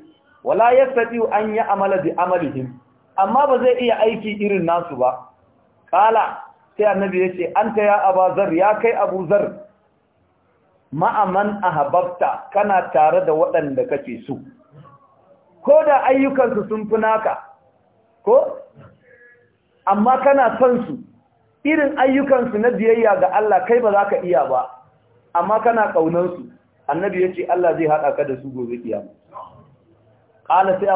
wala yastati an ya amala bi amalihim amma ba zai iya aiki irin nasu ba kala sai annabi yace anta ya abazar ya kai abuzar ma'aman hababta. kana tare da waɗanda kake so ko da ayyukansu sun fi naka ko amma kana son su irin ayyukansu na biyayya ga Allah kai ba za ka iya ba amma kana ƙaunansu annabi ya ce Allah zai haɗa ka da su gobe kiyama ƙala sai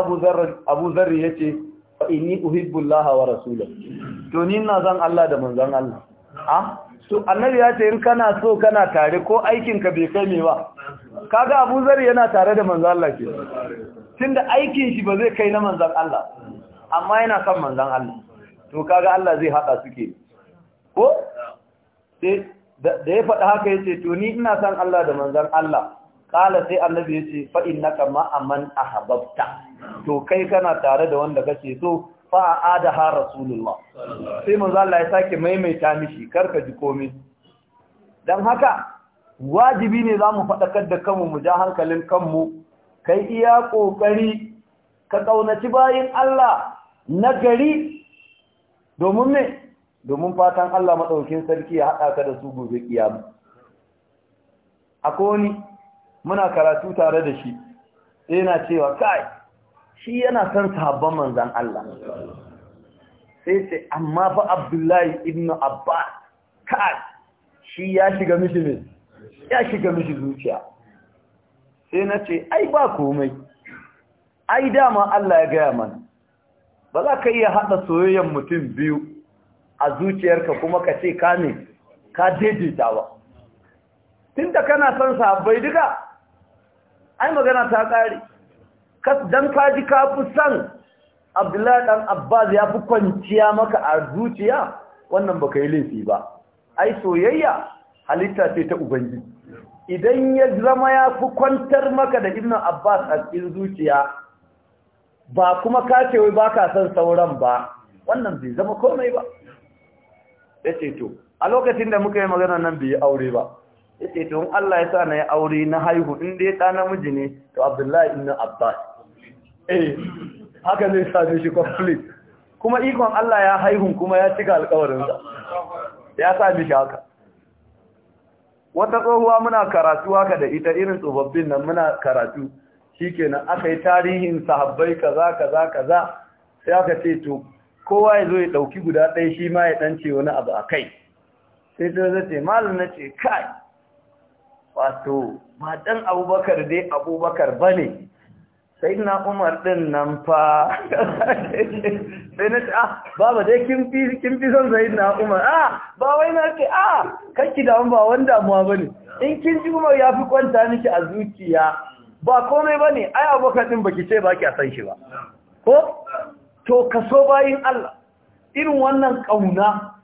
abu zarri ya ce inni uhibbullaha wa rasulahu to ni na zan Allah da manzon Allah a to annabi ya ce in kana so kana tare ko aikin ka bai kai me ba kaga Abu Zar yana tare da manzon Allah ke tunda aikin shi ba zai kai na manzon Allah amma yana son manzon Allah to kaga Allah zai hada su ke ko da ya faɗa haka yace to ni ina san Allah da manzan Allah ƙala sai annabi yace na innaka a man ahbabta to kai kana tare da wanda ka ce so da ha rasulullah sai manzon Allah ya sake maimaita mishi karka ji komi dan haka wajibi ne za zamu faɗakar da kanmu mu ja hankalin kanmu kai iya ƙoƙari, ka ƙaunaci bayan Allah na gari domin ne domin fatan Allah maɗaukin sarki ya haɗa ka da su gobe kiyama A wani muna karatu tare da shi Sai yana cewa kai shi yana son sahabban manzan Allah sai ce amma fa Abdullahi ibn Abbas kai shi ya shiga mishi ne ya shiga mishi zuciya sai na ce ai ba komai ai dama Allah ya gaya mana ba za ka iya haɗa soyayyen mutum biyu a zuciyarka kuma ka ce ka ne ka daidaita ba tunda kana son bai duka ai magana ta kare dan ka ji ka fi son abdullahi dan abbas ya fi kwanciya maka a zuciya wannan baka yi laifi ba ai soyayya halitta ce ta Ubangi. idan ya zama ya fi kwantar maka da ibn abbas a cikin zuciya ba kuma ka ce wai baka son sauran ba wannan bai zama komai ba yace to a lokacin da muka yi magana nan bai yi aure ba ya ce to in Allah ya sa na yi aure na haihu in dai ɗa namiji ne to abdullahi ibn abbas eh haka zai same shi complete kuma ikon Allah ya haihu kuma ya cika alƙawarin sa. ya same shi haka wata tsohuwa muna karatu haka da ita irin tsofaffin nan muna karatu shikenan aka yi tarihin sahabbai kaza kaza kaza sai aka ce to kowa ya zo ya ɗauki guda ɗaya shi ma ya ɗance wani abu a kai sai ta zai ce malam na ce kai wato matan abubakar dai abubakar ba ne sai na umar ɗin nan fa sai na ce ah baba dai kin fi son sai na umar ah ba wai na ce ah kanki da ba wani damuwa ba ne in kin ji umar ya fi kwanta miki a zuciya ba komai ba ne ai abubakar ɗin baki ce ba ki a san shi ba ko to kaso so bayin Allah irin wannan kauna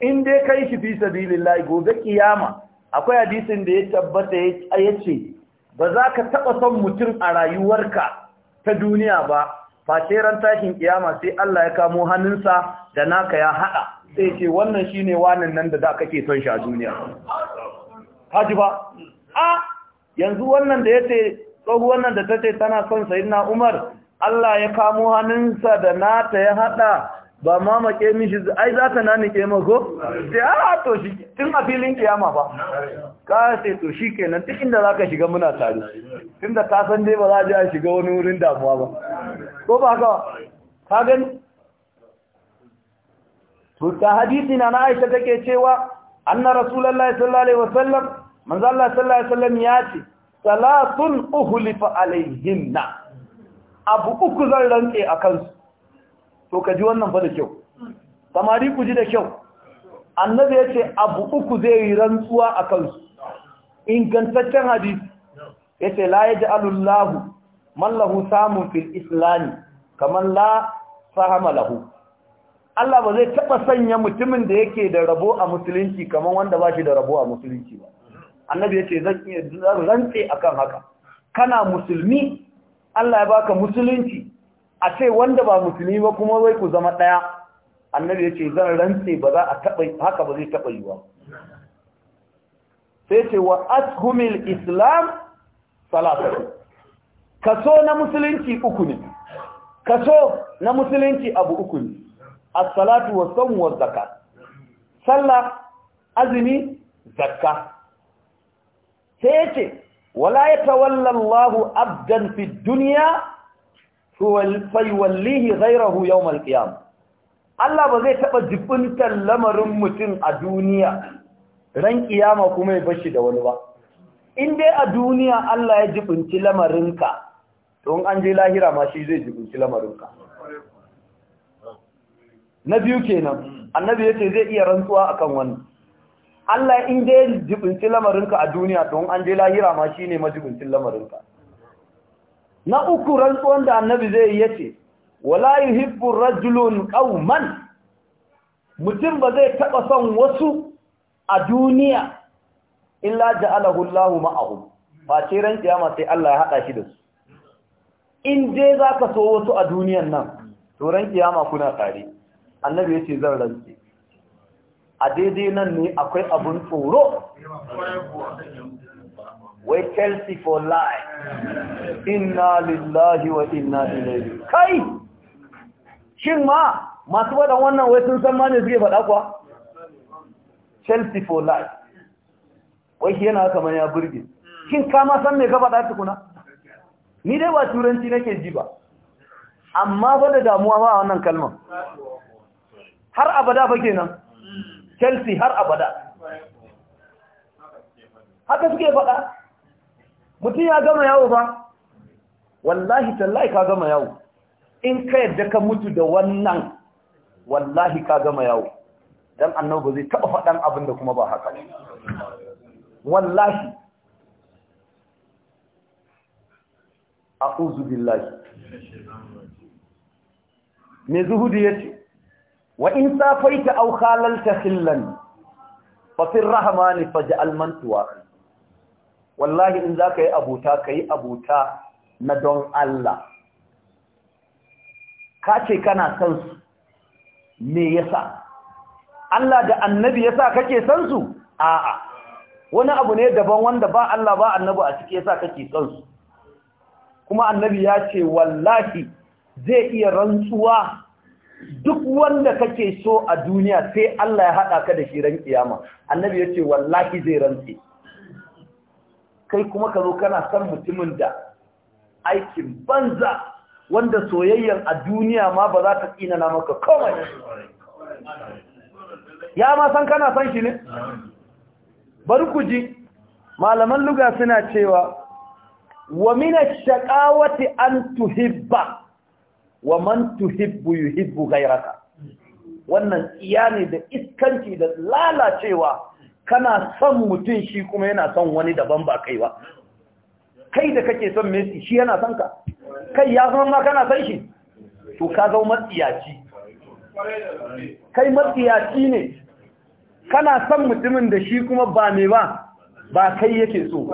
in dai ka shi fi sabilillahi gobe kiyama akwai hadisin da ya tabbata ya ce ba za ka taɓa son mutum a rayuwarka ta duniya ba face ran tashin kiyama sai Allah ya kamo hannunsa da naka ya haɗa sai ce wannan shine wanan nan da za kake son shi a duniya haji ba a yanzu wannan da yace tsohuwan nan da tace tana son sayyidina Umar Allah ya kamo hannunsa da nata ya hada ba ma make mishi ai za ta ke mako sai a ah, to shi tun a filin kiyama ba ka sai to shi kenan duk da za ka shiga muna tare tun da ka san dai ba za a shiga wani wurin damuwa ba ko ba ka ka gani to ta hadisi na Aisha take cewa anna rasulullahi sallallahu alaihi wasallam manzo Allah sallallahu alaihi wasallam ya ce salatun uhlifa alaihinna abu uku zan rantse a kansu to ka ji wannan fa da kyau samari ku ji da kyau annabi ya ce abu uku zai yi rantsuwa a kansu ingantaccen hadisi ya ce la ya ji alullahu mallahu samun fil islami kamar la sahama lahu Allah ba zai taɓa sanya mutumin da yake da rabo a musulunci kamar wanda ba shi da rabo a musulunci ba annabi ya ce zan rantse akan haka kana musulmi Allah ya baka musulunci a ce wanda ba musulmi ba kuma wai ku zama ɗaya annabi ya ce zan rantse ba za a taɓa haka ba zai taɓa yi ba sai ce wa ashumil islam Salatu, kaso na musulunci uku ne kaso na musulunci abu uku ne as-salatu wa sawm wa zakat sallah azmi zakka sai ce. wala yatawalla Allahu abdan fi dunya fayuwallihi ghayrahu yawm al-qiyam Allah ba zai taba jibintar lamarin mutum a duniya ran kiyama kuma ya bashi da wani ba in dai a duniya Allah ya jibinci lamarinka to in an je lahira ma shi zai jibinci lamarinka na biyu kenan annabi yace zai iya rantsuwa akan wannan Allah in da ya jibinci lamarinka a duniya don an je lahira ma shine majibincin lamarinka na uku rantsuwan da annabi zai yi yace wala yuhibbu rajulun ƙauman, mutum ba zai taɓa son wasu a duniya illa ja'alahu Allahu ma'ahu, ba ce ran ƙiyama sai Allah ya haɗa shi da su in je za ka so wasu a duniyan nan to ran ƙiyama kuna tare annabi yace zan rantsi a daidai nan ne akwai abun tsoro wai chelsea for life inna lillahi wa inna ilaihi kai shin ma masu faɗa wannan wai sun san mani suke faɗa kuwa chelsea for life wai shi yana kamar ya burge shin ka ma san me ka faɗa tukuna ni dai ba turanci nake ji ba amma wadda damuwa ba wannan kalmar har abada ba kenan chelsea har abada haka suke faɗa mutum ya gama yawo ba wallahi tallahi ka gama yawo in ka yadda ka mutu da wannan wallahi ka gama yawo dan ba zai taɓa faɗan abin da kuma ba haka wallahi a'udhu billahi me zuhudi yace wa in safaita aw khalalta khillan fa fi rahmani faj'al man tuwaqi wallahi in ka yi abuta yi abuta na don Allah ka ce kana san su me yasa Allah da annabi yasa kake san su a'a wani abu ne daban wanda ba Allah ba annabi a ciki yasa kake san su kuma annabi ya ce wallahi zai iya rantsuwa duk wanda kake so a duniya sai Allah ya haɗa ka da shi ran kiyama annabi ya ce wallahi zai rantse kai kuma ka zo kana san mutumin da aikin banza wanda soyayyar a duniya ma ba za ta tsina na maka kawai ya ma san kana san shi ne bari ku ji malaman luga suna cewa wa mina shaqawati an tuhibba wa man tuhibbu yuhibbu ghayraka wannan iyane da iskanci da lalacewa kana son mutum shi kuma yana son wani daban ba kai ba kai da kake son Messi shi yana son ka kai ya zama ma kana son shi to ka zama matsiyaci kai matsiyaci ne kana son mutumin da shi kuma ba me ba ba kai yake so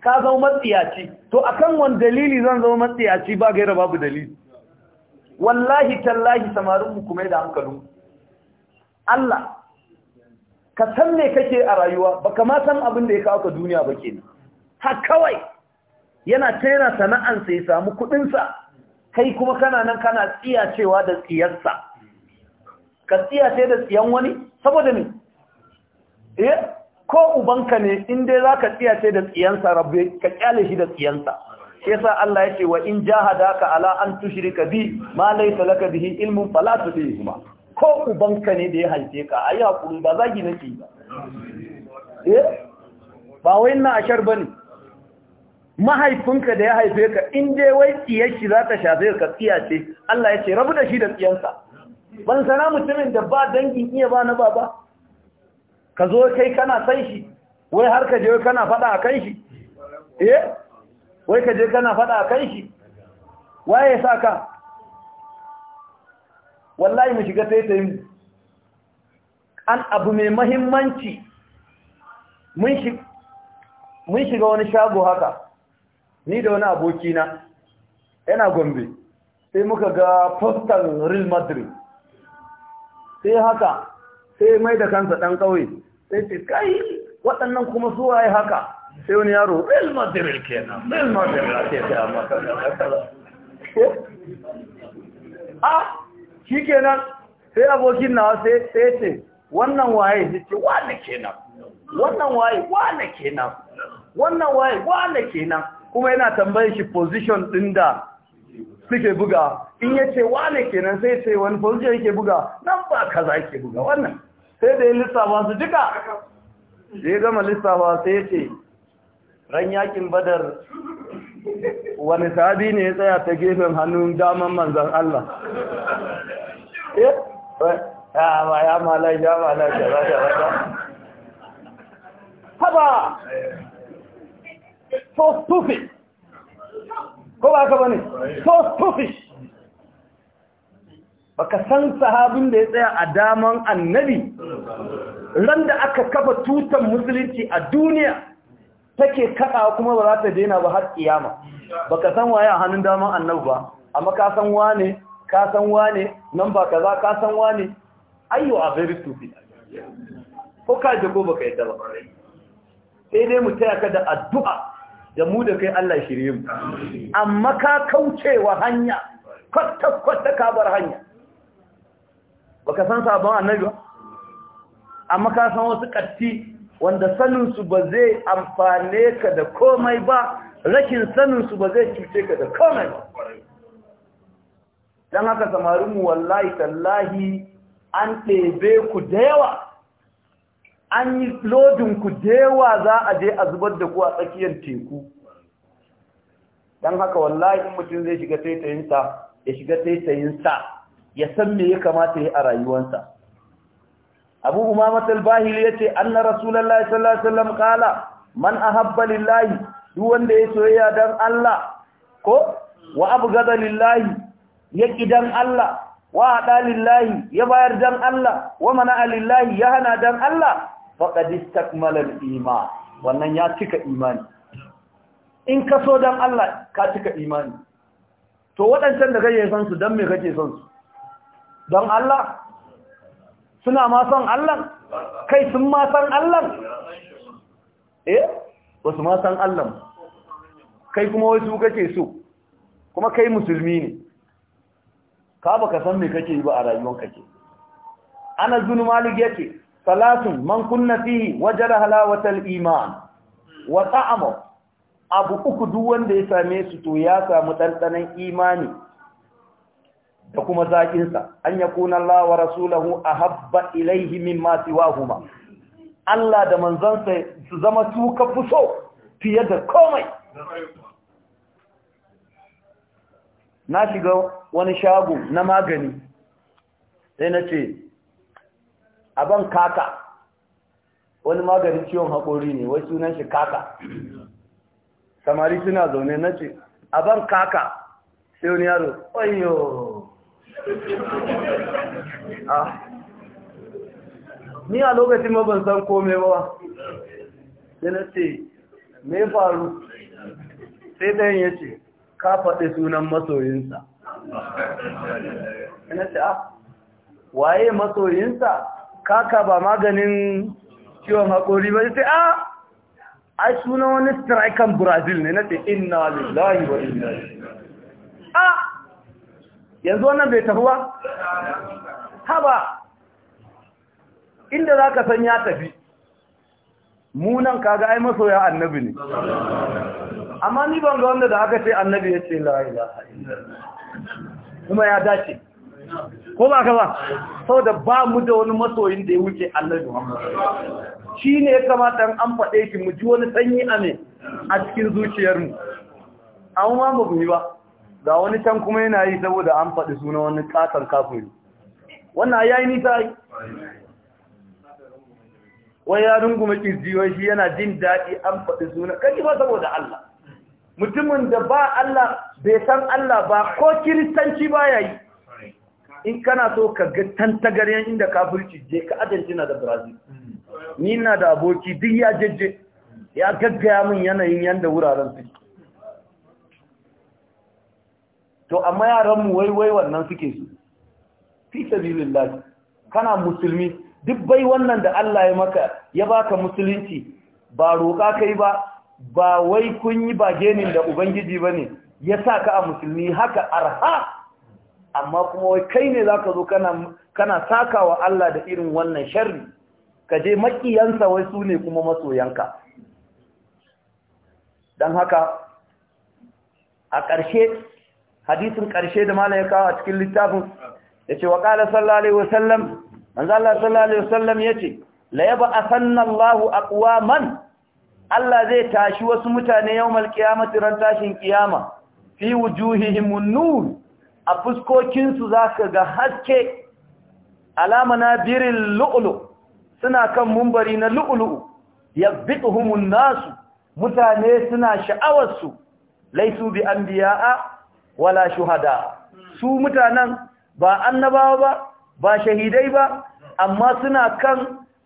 ka zama matsiyaci to akan wani dalili zan zama matsiyaci ba gaira babu dalili wallahi tallahi samarin mu kuma da hankalin Allah ka san me kake a rayuwa baka ma san abin da ya kawo ka duniya ba kenan ha kawai yana tayar sana'an sai samu kudin sa kai kuma kana nan kana tsiya cewa da sa. ka tsiya sai da tsiyan wani saboda ni eh ko ubanka ne in dai zaka tsiya sai da sa rabbe ka kyale shi da sa. shi yasa Allah yake wa in jahadaka ala an tushrika bi ma laysa laka bihi ilmun fala tudihuma ko ubanka ne da ya haife ka ayi hakuri ba zagi nake ba eh ba wai na ashar bane mahaifinka da ya haife ka in dai wai tiyar shi za ta shafe ka tiya ce Allah ya rabu da shi da tsiyansa ban sana mutumin da ba dangin iya ba na baba ka zo kai kana san shi wai har ka je kana fada a kan shi eh wai ka je kana faɗa kai shi waye ya sa ka wallahi mu shiga yi an abu mai mahimmanci mun shiga wani shago haka ni da wani abokina yana gombe sai muka ga postal real madrid sai haka sai mai da kansa ɗan ƙauye sai ce kai waɗannan kuma suwaye haka sai wani yaro real material kenan real material ake ta maka a shi kenan sai abokin nawa sai ce wannan waye shi ce wane kenan wannan waye wane kenan wannan waye wane kenan kuma yana tambayar shi position din da suke buga in ya ce wane kenan sai ce wani position yake buga nan ba kaza ke buga wannan sai da yin lissafa su duka Sai ya gama lissafa sai ce ran yakin badar wani sahabi ne ya tsaya ta gefen hannun daman manzan Allah eh, eh, ya ba ya malai ya malai ya ba ya ba haba so stupid ko ba ka bane so stupid baka san sahabin da ya tsaya a daman annabi ran da aka kafa tutan musulunci a duniya take kada kuma ba za ta daina ba har kiyama baka san waye a hannun daman annabi ba amma ka san wane ka san wane nan ba kaza ka san wane ayyo a very stupid ko ka jago baka yadda ba sai dai mu taya ka da addu'a da mu da kai Allah shirye mu amma ka kaucewa hanya kwatta kwatta ka bar hanya baka san sabon annabi ba amma ka san wasu katti wanda saninsu ba zai amfane ka da komai ba rashin saninsu ba zai cuce ka da komai don haka samarinmu wallahi tallahi an ɗebe ku da yawa an yi lodinku da yawa za a je a zubar da ku a tsakiyar teku don haka wallahi in mutum zai shiga taitayinsa ya shiga taitayinsa ya san me ya kamata ya a rayuwarsa abu umamat al-bahili yace anna rasulullahi sallallahu alaihi wasallam qala man ahabba lillahi duk wanda ya soyayya dan Allah ko wa abghada lillahi yaki dan Allah wa hada lillahi ya bayar dan Allah wa mana lillahi ya hana dan Allah faqad istakmala al-iman wannan ya cika imani in ka so dan Allah ka cika imani to waɗancan da kake son su dan me kake son su dan Allah suna ma son Allah kai sun ma san Allah eh wasu ma san Allah kai kuma wasu kake so kuma kai musulmi ne ka ba ka san me kake yi ba a rayuwar kake ana zunu malik yake salatun man kunna fihi wajala halawatal iman wa ta'amu abu uku duk wanda ya same su to ya samu dandanan imani da kuma zaƙinsa an ya kuna Allah wa rasulahu a habba ilaihi min masu wahuma Allah da manzansa su zama tuka fuso fiye da komai na shiga wani shago na magani sai na ce aban kaka wani magani ciwon haƙori ne wai sunan shi kaka samari suna zaune na ce aban kaka sai wani yaro ayyo Ah. ni a lokacin ma san komai ba sai na ce me faru sai ɗayan ya ce ka faɗi sunan masoyinsa na ce ah waye masoyinsa kaka ba maganin ciwon haƙori ba sai a a ah, suna wani strikan brazil ne na ce inna lullahi wa inna ah yanzu wannan bai tafi ba haba inda za ka san ya tafi munan kaga ai masoya annabi ne amma ni ban ga wanda da aka ce annabi ya ce la'ila kuma ya dace ko ba ka ba sau da ba mu da wani masoyin da ya wuce annabi shi ne ya kamata an faɗe shi mu ji wani sanyi a ne a cikin zuciyarmu amma ba mu yi ba ga wani can kuma yana yi saboda an faɗi suna wani ƙasar kafin. wannan ya yi nita yi wai ya rungume ƙirjiyon shi yana jin daɗi an faɗi suna ƙarfi ba saboda Allah mutumin da ba Allah bai san Allah ba ko kiristanci ba ya yi in kana so ka ga tantagaryen inda kafirci je ka Argentina da Brazil ni na da aboki duk ya jejje ya gaggaya min yanayin yanda wuraren su to amma yaran mu wai wai wannan suke su fi sabilillah kana musulmi duk bai wannan da Allah ya maka ya baka musulunci ba roƙa kai ba ba wai kun yi bagenin da ubangiji bane ya sa ka a musulmi haka arha amma kuma wai kai ne zaka zo kana kana wa Allah da irin wannan sharri ka je makiyansa wai su ne kuma masoyanka Dan haka a ƙarshe hadisin ƙarshe da malam ya kawo a cikin littafin ya ce wa ƙala sallallahu sallam? wasallam manzo Allah sallallahu wasallam ya ce la yaba a ƙuwa man? Allah zai tashi wasu mutane yawmal ƙiyama turan tashin ƙiyama fi wujuhihim nur a fuskokinsu za zaka ga haske alama na birin lu'ulu suna kan mumbari na lu'ulu ya yabituhumun nasu mutane suna sha'awarsu laisu bi a. wala shuhada su mutanen ba annabawa ba ba shahidai ba amma suna kan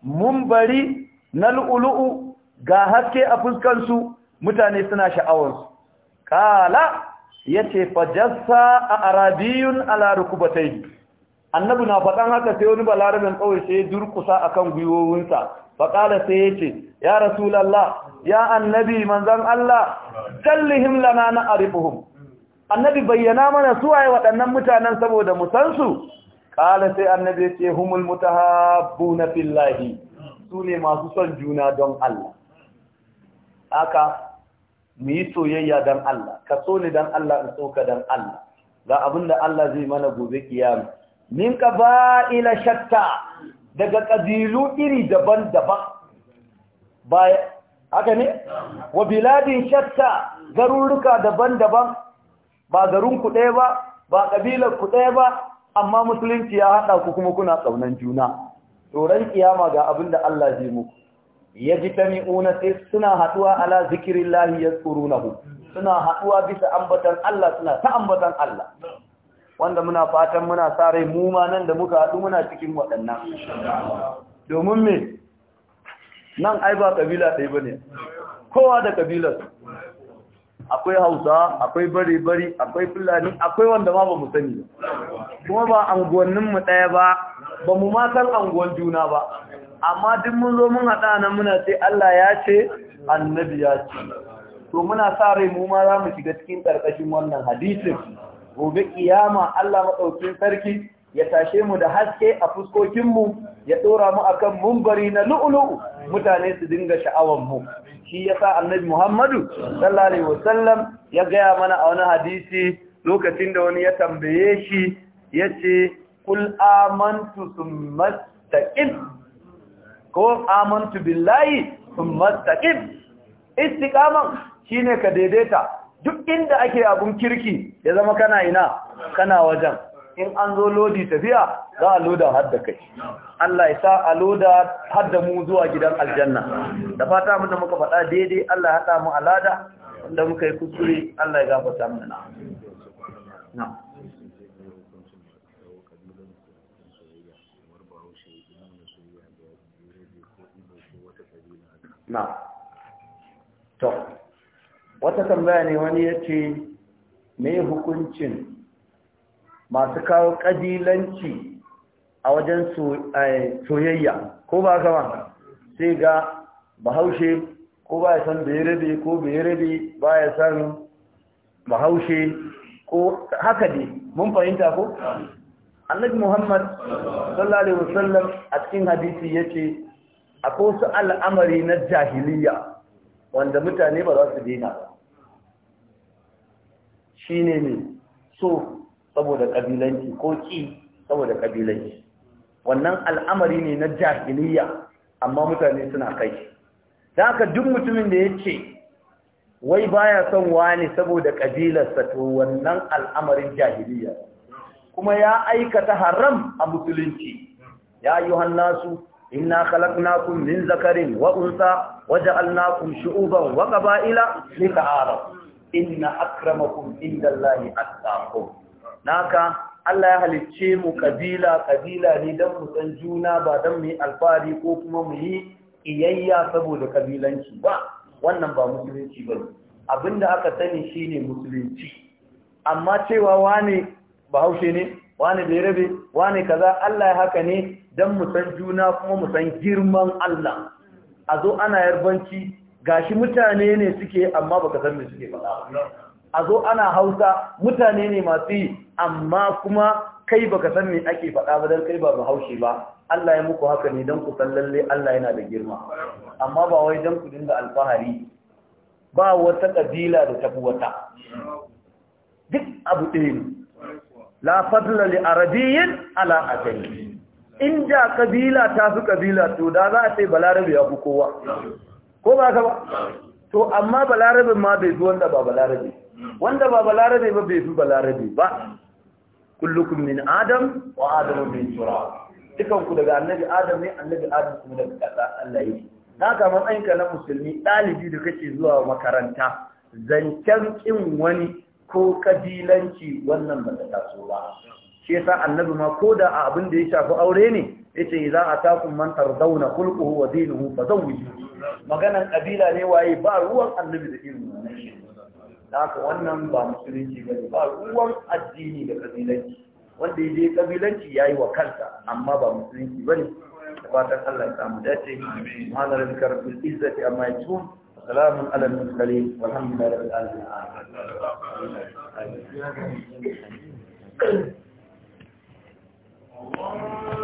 mumbari na lu'ulu'u ga haske a fuskansu mutane suna sha'awarsu kala ya ce fajassa a arabiyun ala rukubatai annabi na faɗan haka sai wani balarabin kawai sai durkusa kan gwiwowinsa faƙala sai ya ce ya rasulallah ya annabi manzan Allah kallihim lana na arifuhum annabi bayyana mana su waye waɗannan mutanen saboda mu san su kala sai annabi ya ce humul na fillahi su ne masu son juna don Allah haka mu yi soyayya don Allah ka so ni don Allah in so ka don Allah ga abin Allah zai mana gobe kiyama min ila shatta daga ƙabilu iri daban-daban ba haka ne wa biladin shatta garuruka daban-daban ba garin ku ɗaya ba ba ƙabilar ku ɗaya ba amma musulunci ya haɗa ku kuma kuna tsaunan juna tsoron kiyama ga abin da Allah zai muku ya ji ta mi'una sai suna haɗuwa ala zikirin lahi ya hu, suna haɗuwa bisa ambatan Allah suna ta ambatan Allah wanda muna fatan muna sa rai mu ma nan da muka haɗu muna cikin waɗannan domin me nan ai ba ƙabila ɗaya ba ne kowa da su. akwai hausa akwai bari-bari akwai fulani akwai wanda ma ba mu sani ba kuma ba anguwanninmu ɗaya ba ba mu san anguwan juna ba amma duk mun zo mun haɗa nan muna ce Allah ya ce annabi ya ce to muna sa rai mu ma za mu shiga cikin ƙarƙashin wannan hadisin gobe kiyama Allah maɗaukin sarki ya tashe mu da haske a fuskokinmu ya ɗora mu akan mumbari na lu'ulu'u mutane su dinga sha'awanmu shi ya sa annabi muhammadu sallallahu wasallam ya gaya mana a wani hadisi lokacin da wani ya tambaye shi ya ce kul amantu sun mastaƙin ko amantu billahi sun mastaƙin istiqama shi ka daidaita duk inda ake abun kirki ya zama kana ina kana wajen in an zo lodi tafiya za a loda hadda kai Allah ya sa a loda hadda mu zuwa gidan aljanna da fata mun da muka faɗa daidai Allah ya mu alada wanda muka yi kuskure Allah ya gafarta mana na na to wata tambaya ne wani yace me hukuncin masu kawo ƙabilanci a wajen eh, soyayya ko ba a ba sai ga bahaushe ko ba ya san bayarabe ko bayarabe ba ya san bahaushe ko haka ne mun fahimta ko annabi muhammad sallallahu alaihi wasallam a cikin hadisi ce akwai wasu al'amari na jahiliya wanda mutane ba za su daina ba ne ne so saboda kabilanci ko ki saboda kabilanci wannan al'amari ne na jahiliya amma mutane suna kai da haka duk mutumin da ya ce wai baya son wani saboda ƙabilarsa to wannan al'amarin jahiliya kuma ya aikata haram a musulunci ya ayyuhan nasu inna khalaqnakum min zakarin wa unsa waja'alnakum shu'uban wa qaba'ila ta'arafu inna akramakum indallahi atqakum naka Allah ya halicce mu kabila kabila ne don mu san juna ba don mu yi alfahari ko kuma mu yi iyayya saboda kabilanci ba wannan ba musulunci ba abinda aka sani shine musulunci amma cewa wane bahaushe ne wane berabe wane kaza Allah ya haka ne don mu san juna kuma mu san girman Allah a zo ana yarbanci gashi mutane ne suke amma baka san me suke faɗa a zo ana hausa mutane ne masu yi amma kuma kai ka san me ake faɗa ba don kai ba haushe ba Allah ya muku haka ne don ku san lalle Allah yana da girma amma ba wai don ku dinga alfahari ba wata ƙabila da tafi wata duk abu ɗaya ne la fadla li arabiyyin ala ajali in ja ƙabila ta fi ƙabila to da za a ce balarabe ya fi kowa ko ba ka ba to amma balarabin ma bai zuwan da ba balarabe wanda ba balarabe ba bai fi balarabe ba kullukum min adam wa adamu min turab dukan daga annabi adam ne annabi adam kuma daga kasa Allah yake haka man ayyuka na musulmi dalibi da kake zuwa makaranta zancen kin wani ko kabilanci wannan ba ta taso ba shi yasa annabi ma koda a abin da ya shafi aure ne yace za a taku man tardawna khulquhu wa dinuhu fazawwiju maganan kabila ne waye ba ruwan annabi da irin wannan shi haka wannan ba musulunci ba ne ba ruwan addini da kabilanci wanda ya je kabilanci ya yi wa kansa amma ba musulunci ba ne da fatan Allah ya samu dace ma'ana rabbika rabbil izzati amma yasifun salamun ala al-mursalin walhamdulillahi rabbil alamin